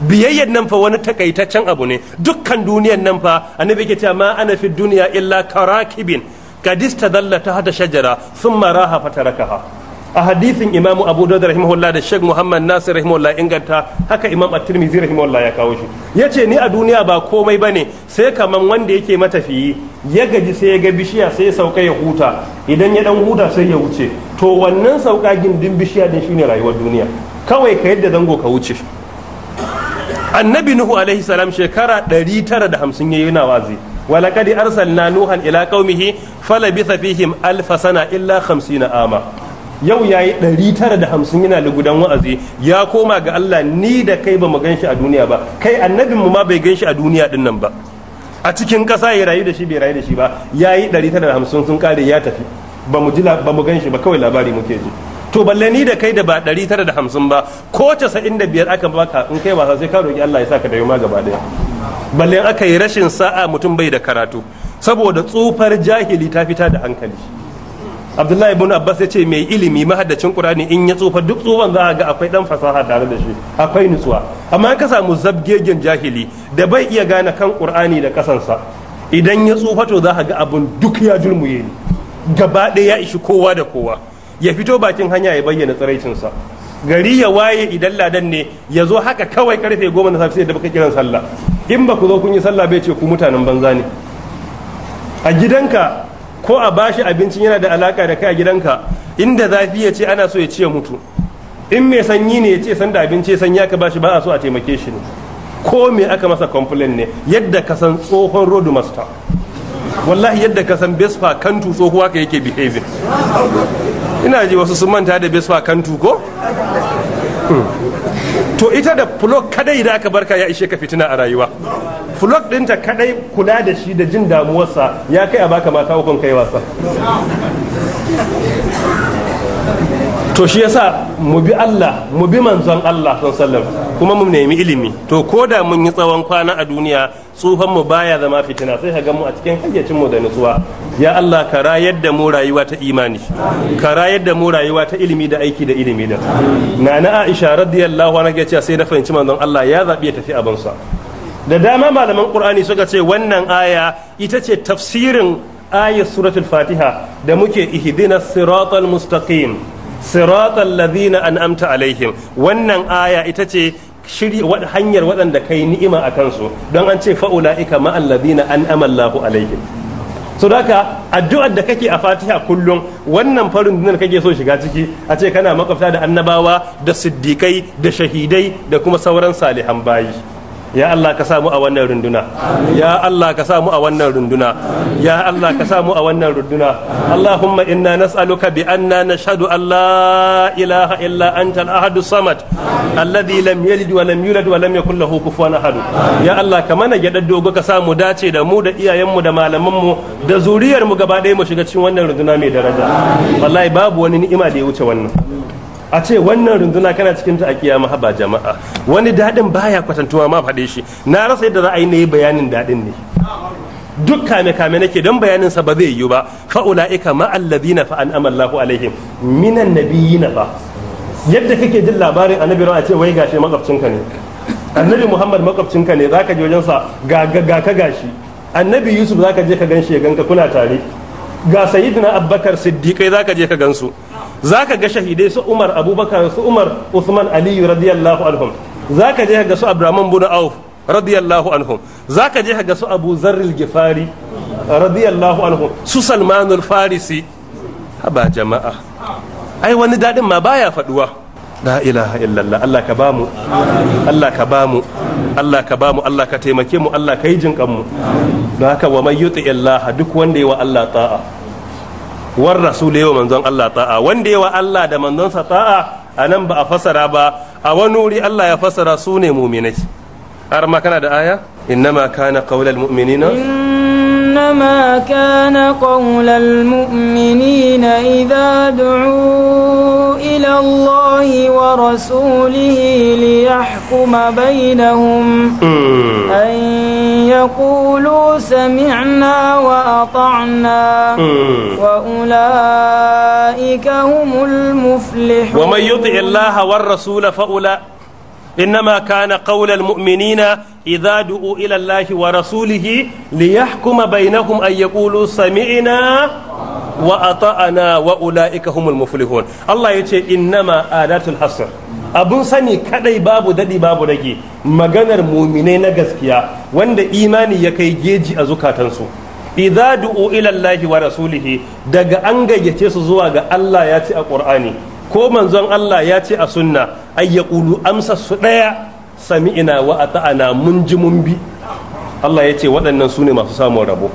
biyayyan nan fa wani takaitaccen abu ne dukkan duniyan nan fa annabi yake cewa ma ana fi duniya illa karakibin kadista dallata ta hada shajara thumma raha fatarakaha a hadithin imamu abu dawud rahimahullah da sheikh muhammad nasir rahimahullah inganta haka imam at-tirmidhi rahimahullah ya kawo shi yace ni a duniya ba komai bane sai kaman wanda yake matafiyi ya gaji sai ya ga bishiya sai ya sauka ya huta idan ya dan huta sai ya wuce to wannan sauka gindin bishiya din shine rayuwar duniya kawai ka yadda zango ka wuce annabi nuhu alaihi salam shekara 950 yayi na wazi walaqad arsalna nuhan ila qaumihi falabitha fihim alf sana illa 50 ama yau yayi 950 yana lugudan wa'azi ya koma ga Allah ni da kai ba mu ganshi a duniya ba kai annabin mu ma bai ganshi a duniya din nan ba a cikin ƙasa ya rayu da shi bai rayu da shi ba yayi 950 sun kare ya tafi ba mu ji ba ganshi ba kawai labari muke ji to balle ni da kai da ba ɗari tara da hamsin ba ko biyar aka baka in kai wasa sai ka roki Allah ya saka da yuma gaba daya balle aka yi rashin sa'a mutum bai da karatu saboda tsufar jahili ta fita da hankali abdullahi ibn abbas ya ce mai ilimi mahaddacin qur'ani in ya tsufa duk tsufan za a ga akwai dan fasaha tare da shi akwai nutsuwa amma ka samu zabgegen jahili da bai iya gane kan qur'ani da kasansa idan ya tsufa to za a ga abun duk ya dulmuye ni gaba ɗaya ya ishi kowa da kowa ya fito bakin hanya ya bayyana tsiraicinsa gari ya waye idan ladan ne ya zo haka kawai karfe goma na safe da baka kiran sallah in ba ku zo kun yi sallah bai ce ku mutanen banza ne a gidanka ko a bashi abincin yana da alaka da kai a gidanka inda zafi ya ce ana so ya ce mutu in mai sanyi ne ya ce san da abinci ya sanya ka bashi ba a so a taimake shi ne ko me aka masa complain ne yadda ka san tsohon road master wallahi yadda ka san fa kantu tsohuwa ka yake behaving ina ji wasu sun manta da besfa kantu ko hmm. to ita da flog kadai da aka barka ya ishe ka fitina a rayuwa flog dinta kadai kula da shi da jin damuwarsa ya kai a baka mata hukun kai wasa to shi yasa mu bi Allah mu bi manzon Allah sallallahu kuma mu nemi ilimi to ko da mun yi tsawon kwana a duniya tsufan mu baya zama fitina sai ka mu a cikin hayyacin mu da nutsuwa ya Allah ka rayar da mu rayuwa ta imani ka rayar da mu rayuwa ta ilimi da aiki da ilimi da nana Aisha radiyallahu anha ce sai na fahimci manzon Allah ya zabi ya tafi sa da dama malaman Qur'ani suka ce wannan aya ita ce tafsirin ayat suratul Fatiha da muke ihdinas siratal mustaqim siratal ladina an'amta alaihim wannan aya ita ce shiri hanyar waɗanda kai ni'ima a kansu don an ce fa'ula'ika ma'al ladina an Allahu alaihim so addu'ar da kake a fatiha kullum wannan farin dinar kake so shiga ciki a ce kana makwabta da annabawa da siddiƙai da shahidai da kuma sauran salihan bayi ya Allah ka samu a wannan runduna ya Allah ka samu a wannan runduna ya Allah ka samu a wannan runduna Allahumma inna nas'aluka bi anna nashhadu an la ilaha illa anta al-ahad samad alladhi lam yalid wa lam yulad wa lam yakul lahu kufuwan ahad ya Allah ka mana gadar dogo ka samu dace da mu da iyayenmu da mu da zuriyar mu gaba daya mu shiga cikin wannan runduna mai daraja wallahi babu wani ni'ima da ya wuce wannan a ce wannan runduna kana cikin ta a kiyama haba jama'a wani daɗin baya kwatantuwa ma faɗe shi na rasa yadda za a yi na yi bayanin daɗin ne duk kame kame nake don bayanin sa ba zai yiwu ba fa'ula'ika ma alladhina fa amalla Allahu alaihim minan nabiyina fa yadda kake jin labarin annabi a ce wai gashi makwabcinka ne annabi Muhammad makwabcinka ne zaka je wajen sa ga ga ka gashi annabi Yusuf zaka je ka ganshi ya ganka kuna tare ga sayyidina Abubakar Siddiqai zaka je ka gansu ka ga shahidai su Umar Abubakar su Umar Usman Aliyu radiyallahu anhum ka je ga su abraman bin Auf radiyallahu anhum ka je ga su Abu Zarril Gifari radiyallahu anhum su Salmanul Farisi haba jama'a ai wani dadin ma baya faduwa la ilaha illallah Allah ka bamu Allah ka bamu Allah ka bamu Allah ka taimake mu Allah ka yi jinkan mu don haka wa mai yuti duk wanda yi wa Allah ta'a war rasul yau manzon Allah ta'a wanda yawa Allah da manzonsa ta'a a nan ba a fasara ba a wani wuri Allah ya fasara su ne muminai har ma kana da aya innama kana qaulal mu'minina إنما كان قول المؤمنين إذا دعوا إلى الله ورسوله ليحكم بينهم أن يقولوا سمعنا وأطعنا وأولئك هم المفلحون ومن يطع الله والرسول فأولئك إنما كان قول المؤمنين إذا دعوا إلى الله ورسوله ليحكم بينهم أن يقولوا سمعنا وأطعنا وأولئك هم المفلحون الله يقول إنما آلات الحصر abun sani kadai babu dadi babu rage maganar muminai na gaskiya wanda imani ya kai geji a zukatansu idza du'u ila Allahi wa rasulihi daga an gayyace su zuwa ga Allah ya ce a Qur'ani ko manzon Allah ya ce a sunna ay yaqulu amsa su daya sami'ina wa ata'ana mun ji mun bi Allah ya ce waɗannan su ne masu samun rabo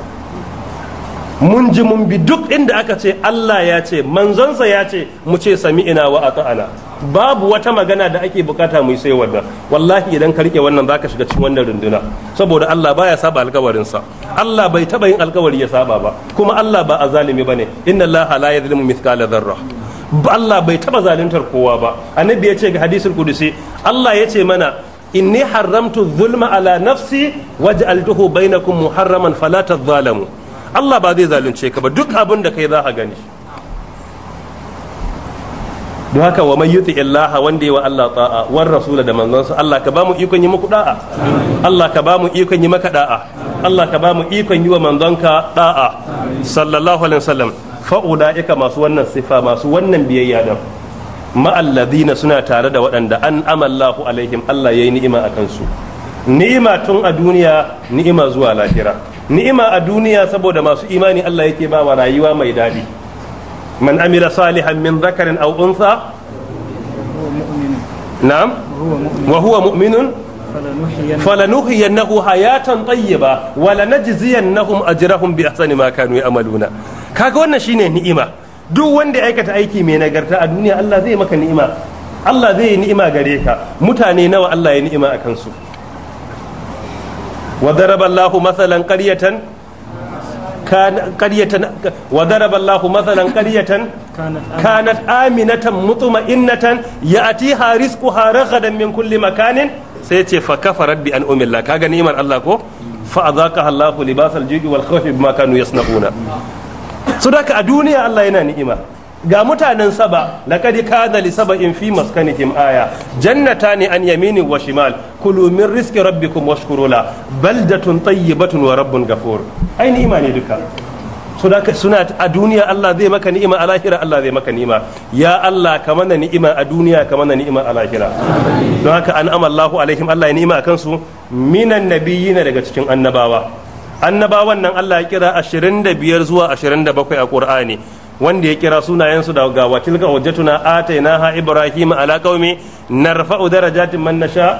mun ji mun bi duk inda aka ce Allah ya ce manzonsa ya ce mu ce sami ina wa ata'ana babu wata magana da ake bukata mu sai wadda wallahi idan ka rike wannan zaka shiga cikin wannan runduna saboda Allah baya saba alkawarin sa Allah bai taba yin alkawari ya saba ba kuma Allah ba azalimi bane inna Allah la yadhlimu mithqala dharra Allah bai taba zaluntar kowa ba annabi ya ce ga hadisul kudusi Allah ya ce mana inni haramtu zulma ala nafsi waj'altuhu bainakum muharraman fala tadhalamu Allah ba zai zalunce ka ba duk abin da kai za a gani don haka wa mai yuti illaha wanda yi wa Allah ta'a war rasula da manzonsa Allah ka ba mu ikon yi muku da'a Allah ka ba mu ikon yi maka da'a Allah ka ba mu ikon yi wa manzonka da'a sallallahu alaihi wasallam fa ulaika masu wannan sifa masu wannan biyayya da ma'alladina suna tare da waɗanda an amallahu alaihim Allah yayi ni'ima akan su ni'ima tun a duniya ni'ima zuwa lahira ni'ima a duniya saboda masu imani Allah yake ba wa rayuwa mai daɗi man amila salihan min zakarin aw unsa na'am wa huwa mu'minun falanuhiyannahu hayatan tayyiba wa lanajziyannahum ajrahum bi ahsani ma kanu ya'maluna kaga wannan shine ni'ima duk wanda ya aikata aiki mai nagarta a duniya Allah zai maka ni'ima Allah zai yi ni'ima gare ka mutane nawa Allah ya ni'ima a kansu وضرب الله مثلا قرية كان قرية وضرب الله مثلا قرية كانت آمنة مطمئنة يأتيها رزقها رغدا من كل مكان سيتي فكفرت بأنعم الله كاغا نيمان الله كو فأذاقها الله لباس الجوع والخوف بما كانوا يصنعون سوداك a duniya Allah yana ni'ima ga mutanen saba kadi kana li in fi maskanihim aya jannatani an yamini wa shimal kulu min rizqi rabbikum washkuru la baldatun tayyibatun wa rabbun ghafur ai ni'ima ne duka suna a duniya Allah zai maka ni'ima a lahira Allah zai maka ni'ima ya Allah ka mana ni'ima a duniya ka mana ni'ima a lahira don haka an amallahu alaihim Allah ya ni'ima kansu minan nabiyina daga cikin annabawa annabawan nan Allah ya kira 25 zuwa 27 a Qur'ani wanda ya kira sunayensu da ga watilka hujjatuna ha ibrahim ala qaumi narfa'u darajatin man nasha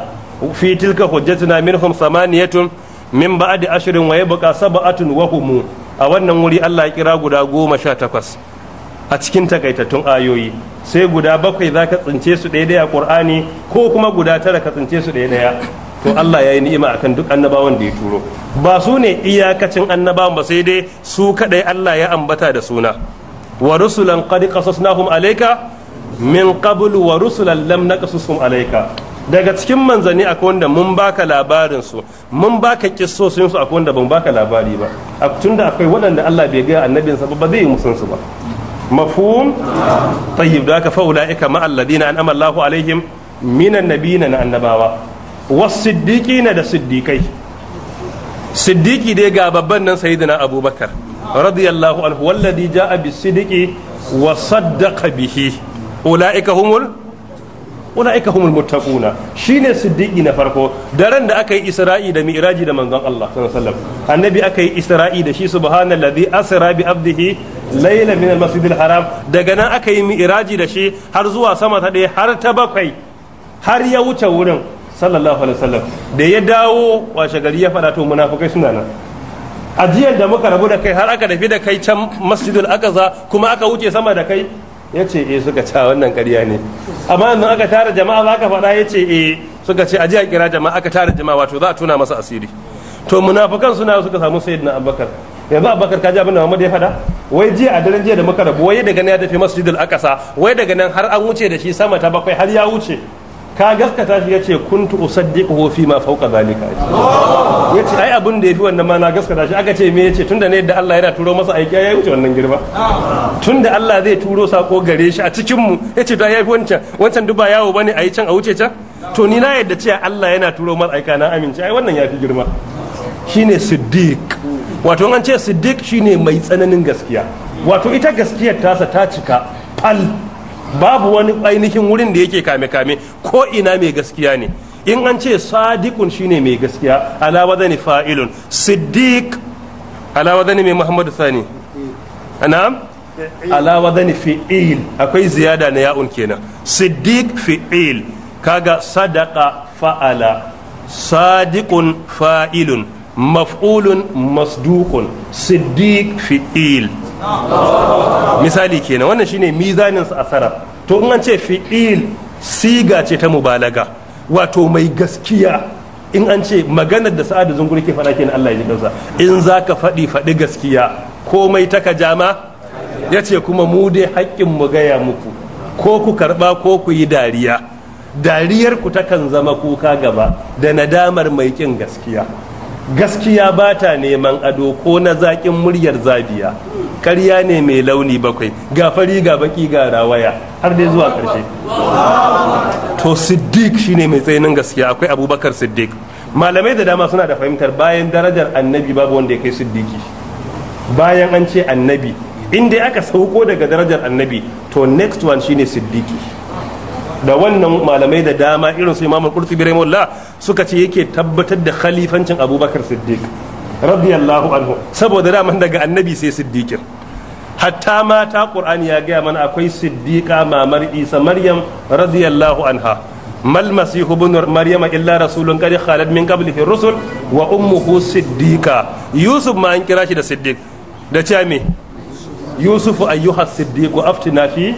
fi tilka hujjatuna minhum samaniyatun min ba'di ashrin wa yabqa sab'atun wa hum a wannan wuri Allah ya kira guda goma sha takwas a cikin takaitattun ayoyi sai guda bakwai za ka tsince su ɗaya ɗaya ƙur'ani ko kuma guda tara ka tsince su ɗaya ɗaya to Allah ya yi ni'ima akan duk annabawan da ya turo ba su ne iyakacin annabawan ba sai dai su kaɗai Allah ya ambata da suna wa rusulan qad qasasnahum alayka min qabl wa rusulan lam naqasushum alayka daga cikin manzanni akwai wanda mun baka labarin su mun baka kissosin su akwai wanda ban baka labari ba tunda akwai waɗanda Allah bai ga annabinsa ba ba zai yi musun su ba mafhum tayyib da ka faulaika ma alladina an'ama Allahu alaihim minan nabiyina na annabawa was-siddiqina da siddiqai siddiqi dai ga babban nan sayyidina abubakar radiyallahu anhu walladhi jaa bis wa saddaqa bihi ulaika humul ulaika humul muttaquna shine siddiqi na farko daren da aka yi isra'i da mi'raji da manzon Allah sallallahu alaihi wasallam annabi aka yi isra'i da shi subhanallazi asra bi abdihi layla min al-masjidil haram daga nan aka yi mi'raji da shi har zuwa sama ta ɗaya har ta bakwai har ya wuce wurin sallallahu alaihi wasallam da ya dawo washe gari ya fada to munafikai suna nan ajiyar da muka rabu da kai har aka tafi da kai can masjidul aqsa kuma aka wuce sama da kai ya ce eh suka ce wannan ƙarya ne amma yanzu aka tara jama'a za ka faɗa ya ce eh suka ce ajiyar kira jama'a aka tara jama'a wato za a tuna masa asiri to munafukan suna suka samu sayyidina abubakar yanzu abubakar ka ji abin da Muhammad ya faɗa wai jiya a daren jiya da muka rabu wai daga nan ya tafi masjidul aqsa wai daga nan har an wuce da shi sama ta bakwai har ya wuce ka gaskata shi yace kuntu usaddiquhu fi ma fawqa zalika yace ai abin da yafi wannan ma na gaskata shi aka ce me yace tunda ne yadda Allah yana turo masa aiki ya wuce wannan girma tunda Allah zai turo sako gare shi a cikin mu yace to yafi wancan wancan duba yawo bane ayi can a wuce can to ni na yadda cewa Allah yana turo masa aika na amince ai wannan yafi girma shine siddiq wato an ce siddiq shine mai tsananin gaskiya wato ita gaskiyar tasa ta cika fal babu wani ainihin wurin da yake kame kame ko ina mai gaskiya ne in an ce sadiqun shine mai gaskiya ala wadani fa'ilun siddiq ala wadani mai muhammadu sani na'am ala wadani fi'il akwai ziyada na ya'un kenan siddiq fi'il kaga sadaqa fa'ala sadiqun fa'ilun maf'ulun masduqun siddiq fi'il misali kenan wannan shine mizanin su asara to in an ce fi'il siga ce ta mubalaga wato mai gaskiya in an ce maganar da sa'adu zunguri ke faɗa kenan Allah ya ji kansa in zaka faɗi faɗi gaskiya komai taka jama ya ce kuma mu dai haƙƙin mu gaya muku ko ku karɓa ko ku yi dariya dariyar ku takan zama kuka gaba da nadamar mai ƙin gaskiya gaskiya ba ta neman ado ko na zaƙin muryar zabiya karya ne mai launi bakwai ga fari ga baki ga rawaya har dai zuwa ƙarshe to siddiq ne mai tsayinin gaskiya akwai abubakar siddiq malamai da dama suna da fahimtar bayan darajar annabi babu wanda ya kai siddiqi bayan an ce annabi in dai aka sauko daga darajar annabi to next one shine siddiqi da wannan malamai da dama irin su imamul qurtubi rahimahullah suka ce yake tabbatar da khalifancin abubakar siddiq radiyallahu anhu saboda daman daga annabi sai siddiqin hatta mata qur'ani ya gaya mana akwai siddiqa mamar isa maryam radiyallahu anha mal masihu ibn maryama illa rasulun qad khalat min qablihi rusul wa ummuhu siddiqa yusuf ma an kira shi da siddiq da cewa me yusuf ayyuha siddiq aftina fi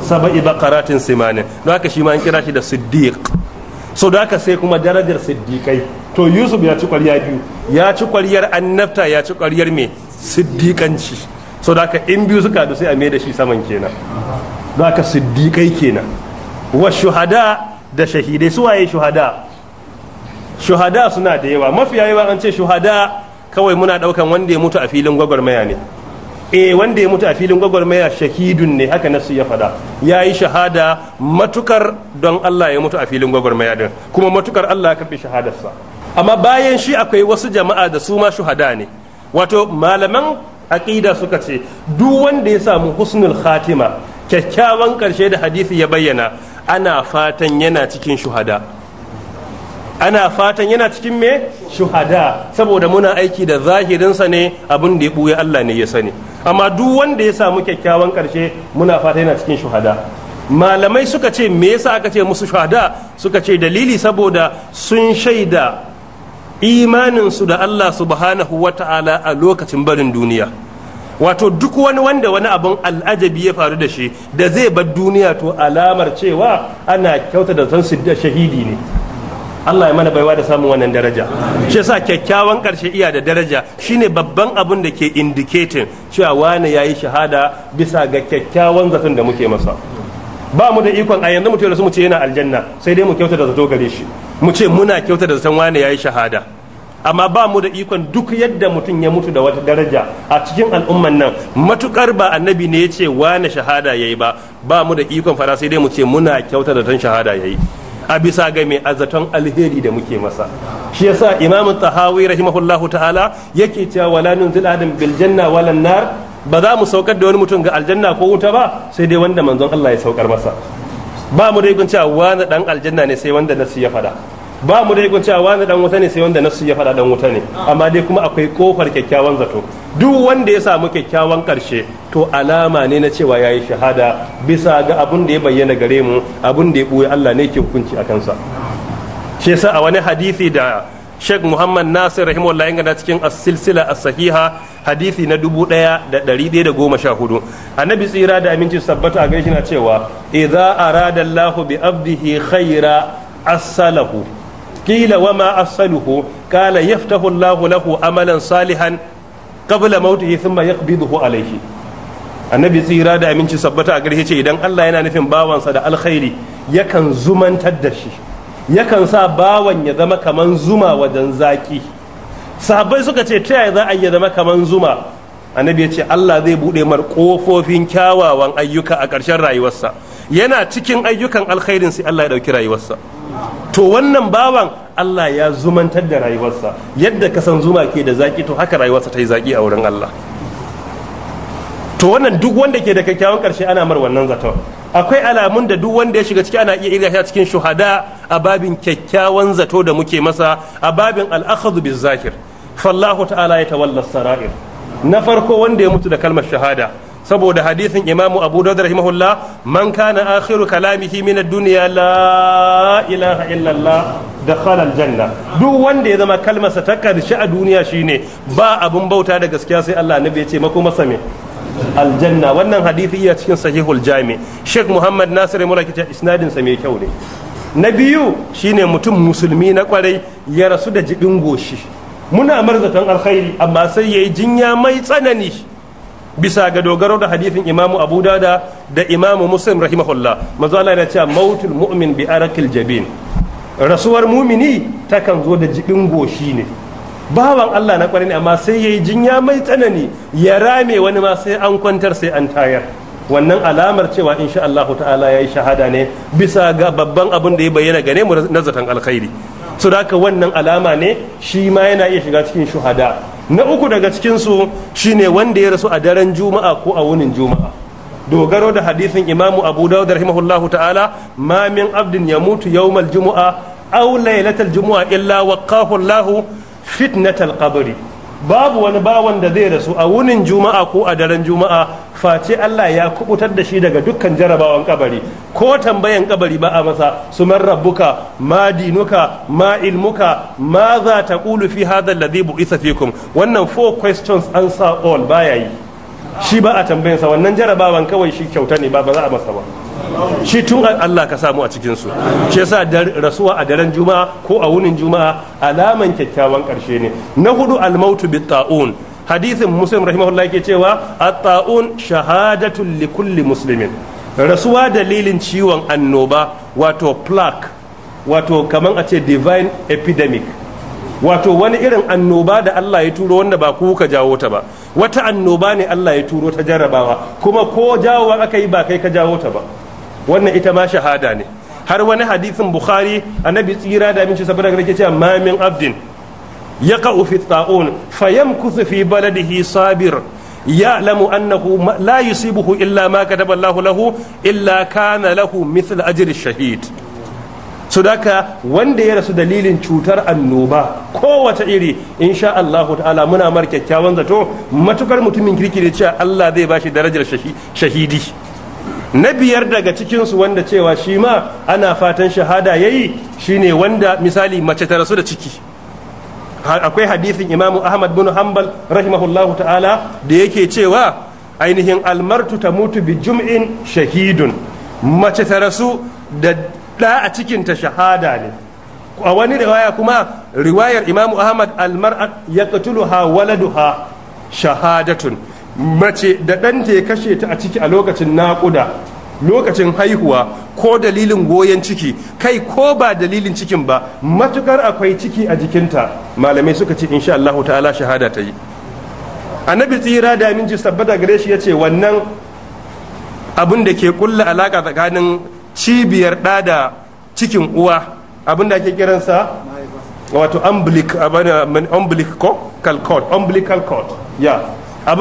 sab'i baqaratin simanin don haka shi ma an kira shi da siddiq so da aka sai kuma darajar siddiƙai to yusuf ya ci ƙwarya biyu ya ci ƙwaryar annabta ya ci ƙwaryar mai siddiƙanci so da aka in biyu suka da sai a mai da shi saman kenan da aka siddiƙai kenan wa shuhada da shahidai su waye shuhada shuhada suna da yawa mafiya yawa an ce shuhada kawai muna ɗaukan wanda ya mutu a filin gwagwarmaya ne e wanda ya mutu a filin gwagwarmaya shahidun ne haka nasu ya fada ya yi shahada matukar don Allah ya mutu a filin gwagwarmaya din kuma matukar Allah ya karbi shahadarsa amma bayan shi akwai wasu jama'a da su ma shuhada ne wato malaman aqida suka ce duk wanda ya samu husnul khatima kyakkyawan karshe da hadisi ya bayyana ana fatan yana cikin shuhada ana fatan yana cikin me shahada saboda muna aiki da zahirinsa ne abin da ya buya Allah ne ya sani amma duk wanda ya samu kyakkyawan karshe muna fata yana cikin shuhada malamai suka ce me yasa aka ce musu shuhada suka ce dalili saboda sun shaida imanin su da Allah subhanahu wata'ala a lokacin barin duniya wato duk wani wanda wani abin al'ajabi ya faru da shi da zai bar duniya to alamar cewa ana kyauta da shahidi ne Allah ya mana baiwa da samun wannan daraja shi yasa kyakkyawan karshe iya da daraja shine babban abun da ke indicating cewa wani yayi shahada bisa ga kyakkyawan zaton da muke masa ba mu da ikon a yanzu mutum da su mu ce yana aljanna sai dai mu kyauta da zato gare shi mu ce muna kyauta da zaton wani yayi shahada amma ba mu da ikon duk yadda mutum ya mutu da wata daraja a cikin al'umman nan matukar ba annabi ne ya ce wani shahada yayi ba ba mu da ikon fara sai dai mu ce muna kyauta da zaton shahada yayi a bisa ga mai azaton alheri da muke masa shi yasa imam tahawi rahimahullahu ta'ala yake cewa wala nunzil adam bil janna wala nar ba za mu saukar da wani mutum ga aljanna ko wuta ba sai dai wanda manzon Allah ya saukar masa ba mu dai cewa wani dan aljanna ne sai wanda nasu ya fada ba mu dai cewa wani dan wuta ne sai wanda nasu ya fada dan wuta ne amma dai kuma akwai kofar kyakkyawan zato duk wanda ya samu kyakkyawan karshe to alama ne na cewa ya yi shahada bisa ga abin da ya bayyana gare mu abin da ya buya Allah ne ke hukunci a kansa shi yasa a wani hadisi da Sheikh Muhammad Nasir rahimahullah yana cikin as-silsila as-sahiha hadisi na 1114 annabi tsira da aminci sabbata a gaishe na cewa idza arada Allahu bi abdihi khaira asalahu kila wa ma asaluhu qala yaftahu Allahu lahu amalan salihan qabla mautihi thumma yaqbiduhu alayhi annabi tsira da aminci sabbata a gare ce idan Allah yana nufin bawansa da alkhairi yakan zumantar da shi yakan sa bawan ya zama kaman zuma wajen zaki sahabbai suka ce ta yaya za a ya zama kaman zuma annabi ya ce Allah zai buɗe mar ƙofofin kyawawan ayyuka a ƙarshen rayuwarsa yana cikin ayyukan alkhairin sai Allah ya ɗauki rayuwarsa to wannan bawan Allah ya zumantar da rayuwarsa yadda ka san zuma ke da zaki to haka rayuwarsa ta yi zaki a wurin Allah to wannan duk wanda ke da kyakkyawan karshe ana mar wannan zaton akwai alamun da duk wanda ya shiga ciki ana iya irga cikin shuhada a babin kyakkyawan zato da muke masa a babin al-akhdhu bil-zakir fallahu ta'ala ya tawalla sarair na farko wanda ya mutu da kalmar shahada saboda hadisin imamu abu dawud rahimahullah man kana akhiru kalamihi min ad-dunya la ilaha illallah dakhala al-janna duk wanda ya zama kalmarsa ta karshe a duniya shine ba abun bauta da gaskiya sai Allah annabi ya ce mako masa me aljanna wannan hadithi iya cikin sahihul jami sheikh muhammad nasir mulaki ta isnadin sa mai kyau ne na biyu shine mutum musulmi na kwarai ya rasu da jibin goshi muna marzaton alkhairi amma sai yayi jinya mai tsanani bisa ga dogaro da hadithin imamu abu dada da imamu muslim rahimahullah mazu Allah yana cewa mautul mu'min bi arakil jabin rasuwar mumini takan zo da jibin goshi ne bawan Allah na kwarin amma sai yayi jinya mai tsanani ya rame wani ma sai an kwantar sai an tayar wannan alamar cewa in sha Allah ta'ala yayi shahada ne bisa ga babban abin da ya bayyana ganemu mu na zaton alkhairi so da haka wannan alama ne shi ma yana iya shiga cikin shuhada na uku daga cikinsu shine wanda ya rasu a daren juma'a ko a wunin juma'a dogaro da hadisin imamu abu dawud rahimahullahu ta'ala ma min abdin ya mutu yawmal juma'a aw laylatal juma'a illa waqahu allah fitnatal qabri babu wani bawan da zai rasu a wunin juma'a ko a daren juma'a face Allah ya kubutar da shi daga dukkan jarabawan kabari ko tambayan kabari ba a masa su man rabbuka ma dinuka ma ilmuka ma za ta kulu fi hadha alladhi fi fikum wannan four questions answer all ba yi shi ba a tambayansa wannan jarabawan kawai shi kyauta ne ba ba za a masa ba shi tun Allah ka samu a cikinsu shi yasa rasuwa a daren juma'a ko a wunin juma'a alaman kyakkyawan ƙarshe ne na hudu almautu bi ta'un hadithin muslim rahimahullah ke cewa at-ta'un shahadatun li kulli muslimin rasuwa dalilin ciwon annoba wato plaque wato kaman a ce divine epidemic wato wani irin annoba da Allah ya turo wanda ba ku ka jawo ta ba wata annoba ne Allah ya turo ta jarrabawa kuma ko jawo aka yi ba kai ka jawo ta ba wannan ita ma shahada ne har wani hadisin bukhari annabi tsira da abinci saboda gare cewa ma min abdin ya ka'u fi ta'un fa yamkuthu fi baladihi sabir ya'lamu annahu la yusibuhu illa ma kataba Allahu lahu illa kana lahu mithl ajri shahid su daka wanda ya rasu dalilin cutar annoba kowace iri insha Allah ta'ala muna mar kyakkyawan zato matukar mutumin kirki cewa Allah zai bashi darajar shahidi na biyar daga cikinsu wanda cewa shi ma ana fatan shahada ya yi shi ne wanda misali mace ta rasu da ciki akwai hadithin imamu ahmad bin hanbal rahimahullahu ta'ala da yake cewa ainihin almartu ta mutu bi jum'in shahidun mace ta rasu da ɗa a ta shahada ne a wani riwaya kuma riwayar imamu ahmad almar'at yaqtuluha waladuha shahadatun mace da ɗanta ya kashe ta a ciki a lokacin naƙuda lokacin haihuwa ko dalilin goyon ciki kai ko ba dalilin cikin ba matukar akwai ciki a jikinta malamai suka ce insha Allah ta'ala shahada ta yi annabi tsira da min ji sabbata gare shi yace wannan abin da ke kulla alaka tsakanin cibiyar da da cikin uwa abin da ake kiransa wato umbilical cord umbilical cord ya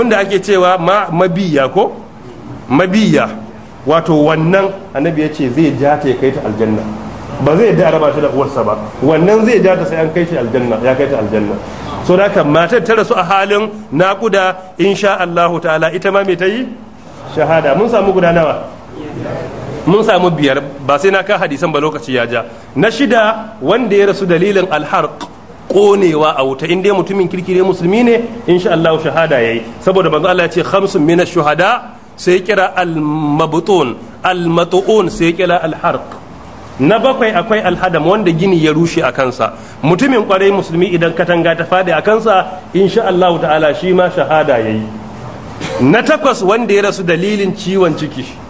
da ake cewa ma mabiya ko mabiya wato wannan annabi ya ce zai ja ta ya kai ta aljanna ba zai da raba ta da uwarsa ba wannan zai ja ta sai an kai shi aljanna ya kai ta aljanna so da kan matar ta rasu a halin naƙuda insha Allahu ta'ala ita ma me ta yi shahada mun samu guda nawa mun samu biyar ba sai na ka hadisan ba lokaci ya ja na shida wanda ya rasu dalilin alharq konewa a wuta in dai mutumin kirkire musulmi ne insha Allah shahada yayi saboda manzo Allah ya ce khamsun minash shuhada sai kira al mabtun al matuun sai kira al harq na bakwai akwai alhadam wanda gini ya rushe a kansa mutumin kwarai musulmi idan katanga ta fadi a kansa insha Allah ta'ala shi ma shahada yayi na takwas wanda ya rasu dalilin ciwon ciki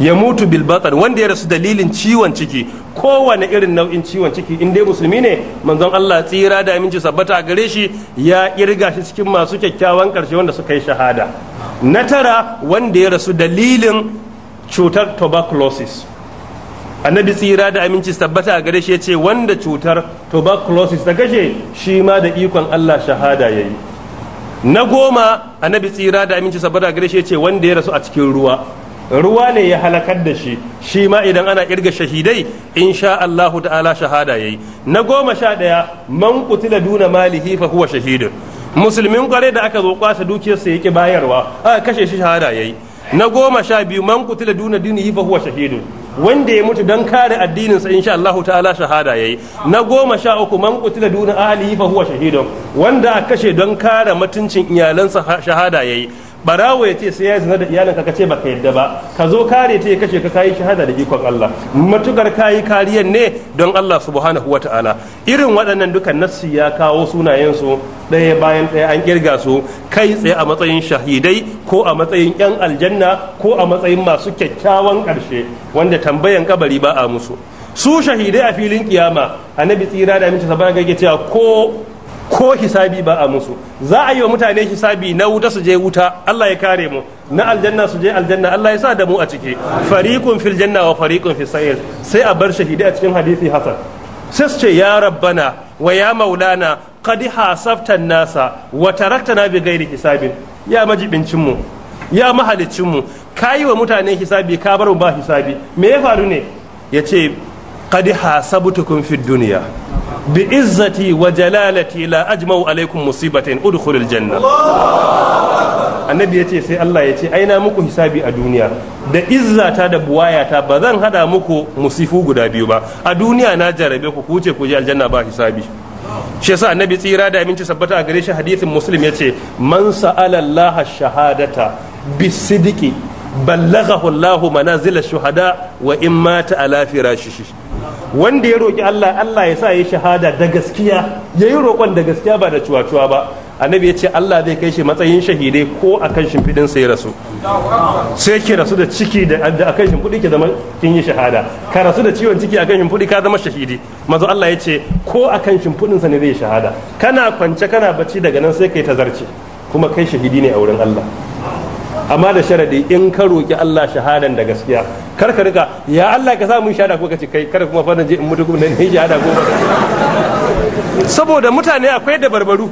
ya mutu bilbatar wanda ya rasu dalilin ciwon ciki kowane irin nau'in ciwon ciki in dai musulmi ne manzon Allah tsira da aminci sabbata a gare shi ya kirga shi cikin masu kyakkyawan karshe wanda suka yi shahada na tara wanda ya rasu dalilin cutar tuberculosis annabi tsira da aminci tabbata a gare shi ya ce wanda cutar tuberculosis ta kashe shi ma da ikon Allah shahada ya yi na goma annabi tsira da aminci tabbata a gare shi ya ce wanda ya rasu a cikin ruwa ruwa ne ya halakar da shi shi ma idan ana kirga shahidai insha Allahu ta'ala shahada yayi na goma sha daya man kutila duna malihi fa huwa shahidun musulmin kware da aka zo kwasa dukiyarsa yake bayarwa aka kashe shi shahada yayi na goma sha biyu man kutila duna dinihi fa huwa shahidun wanda ya mutu dan kare addininsa insha Allah ta'ala shahada yayi na goma sha uku man kutila duna ahlihi fa huwa shahidun wanda aka kashe don kare mutuncin iyalansa shahada yayi barawo ya ce sai ya zina da iyalin ka ce baka yadda ba ka zo kare ta ya kashe ka kayi shahada da ikon Allah matukar kayi kariyan ne don Allah subhanahu wata'ala irin waɗannan dukan nassi ya kawo sunayen su ɗaya bayan ɗaya an kirga su kai tsaye a matsayin shahidai ko a matsayin yan aljanna ko a matsayin masu kyakkyawan ƙarshe wanda tambayan kabari ba a musu su shahidai a filin kiyama annabi tsira da aminci sabana ga cewa ko ko hisabi ba a musu za a yi wa mutane hisabi na wuta su je wuta Allah ya kare mu na aljanna su je aljanna Allah ya sa da mu a ciki fariqun fil janna wa fariqun fis sa'ir sai a bar shahidi a cikin hadisi hasan sai su ce ya rabbana wa ya maulana qad hasafta nasa wa na bi ghairi hisabin ya majibincin mu ya mahalicin mu kai wa mutane hisabi ka bar mu ba hisabi me ya faru ne yace qad hasabtukum fid dunya bi izzati wa jalalati la ajma'u alaikum musibatin udkhulul janna annabi yace sai Allah yace aina muku hisabi a duniya da izzata da buwayata ba zan hada muku musifu guda biyu ba a duniya na jarabe ku kuce ku je aljanna ba hisabi shi yasa annabi tsira da aminci sabbata a gare shi hadithin muslim yace man sa'ala Allah shahadata bisidiki ballaghahu Allah manazil shuhada wa in mata ala firashihi wanda ya roƙi Allah Allah ya sa ya shahada da gaskiya ya yi roƙon da gaskiya ba da cuwa-cuwa ba annabi ya ce Allah zai kai shi matsayin shahidai ko akan shimfiɗin sai rasu sai ke rasu da ciki da akan shimfiɗi ki zama kin yi shahada ka rasu da ciwon ciki akan shimfiɗi ka zama shahidi mazo Allah ya ce ko akan shimfiɗin sa ne zai shahada kana kwance kana bacci daga nan sai kai tazarci kuma kai shahidi ne a wurin Allah amma da sharadi in ka roki Allah shahadan da gaskiya kar ka rika ya Allah ka sa mun shahada ko kace kai kar kuma fa je in mutu kuma ne shahada ko saboda mutane akwai da barbaru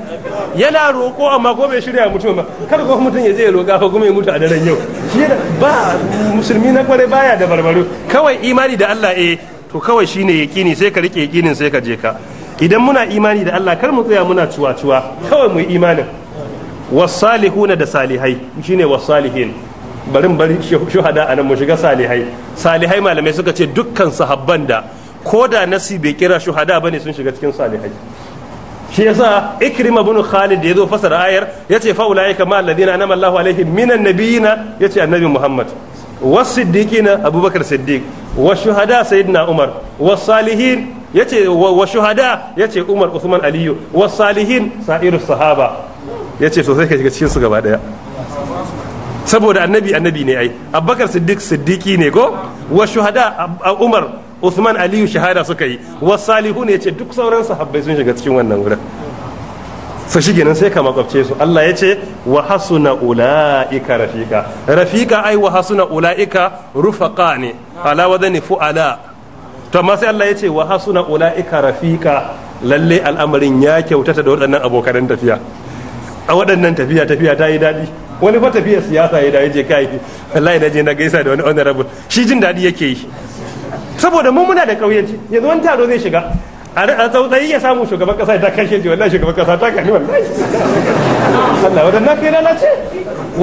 yana roko amma ko bai shirya mutu ba kar ko mutun ya je ya roka ko kuma ya mutu a daren yau shi ba musulmi na kware baya da barbaru kawai imani da Allah eh to kawai shine yakini sai ka rike yakinin sai ka je ka idan muna imani da Allah kar mu tsaya muna cuwa-cuwa kawai mu yi imanin wasalihuna da salihai shine wasalihin barin bari shuhada anan mu shiga salihai salihai malamai suka ce dukkan sahabban da ko da nasi bai kira shuhada bane sun shiga cikin salihai shi yasa ikrima bin khalid da yazo fasara ayar yace fa ulaika ma alladhina anama Allahu alaihim minan nabiyina yace annabi Muhammad wasiddiqina abubakar siddiq washuhada sayyidina umar wasalihin yace washuhada yace umar usman aliyu wasalihin sa'irus sahaba ya ce sosai ka shiga cikin su gaba daya saboda annabi annabi ne ai abubakar siddiq siddiki ne ko wa shuhada umar usman aliyu shahada suka yi wa salihu ne ya ce duk sauran sahabbai sun shiga cikin wannan wurin su shi sai ka makwabce su Allah ya ce wa hasuna ula'ika rafiqa rafiqa ai wa hasuna ula'ika rufaqa ne ala wadani fu'ala to amma sai Allah ya ce wa hasuna ula'ika rafiqa lalle al'amarin ya kyautata da waɗannan abokan tafiya a waɗannan tafiya tafiya ta yi daɗi wani fa tafiya siyasa ya dawo je kai wallahi da je na gaisa da wani honorable shi jin daɗi yake yi saboda mu muna da ƙauyenci yanzu wani taro zai shiga a tsautsayi ya samu shugaban kasa ta kashe ji wallahi shugaban kasa ta kashe wallahi Allah na kai na ce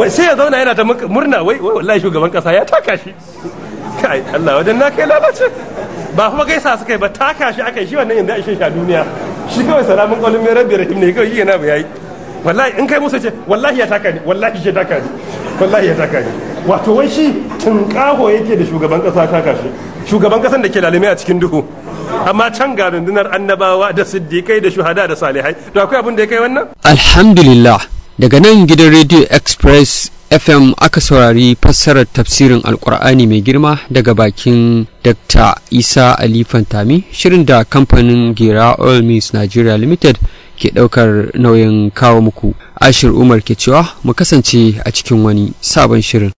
sai ya zauna yana ta murna wai wallahi shugaban kasa ya ta kashe kai Allah na kai na ce ba kuma gaisa suka yi ba ta kashe aka yi shi wannan yanzu a shi a duniya shi kawai salamun kaulin mai rabbi rahim ne kawai yana bayani wallahi in kai musu ce wallahi ya taka ni wallahi ya taka ni wallahi ya taka ni wato wai shi tunƙaho yake da shugaban ƙasa taka shi shugaban ƙasan da ke lalime a cikin duhu amma can ga rundunar annabawa da siddiƙai da shuhada da salihai to akwai abin da ya kai wannan alhamdulillah daga nan gidan radio express fm aka saurari fassarar tafsirin alkur'ani mai girma daga bakin dr isa ali fantami shirin da kamfanin gera oil mills nigeria limited ke ɗaukar nauyin kawo muku ashir umar ke cewa mu kasance a cikin wani sabon shirin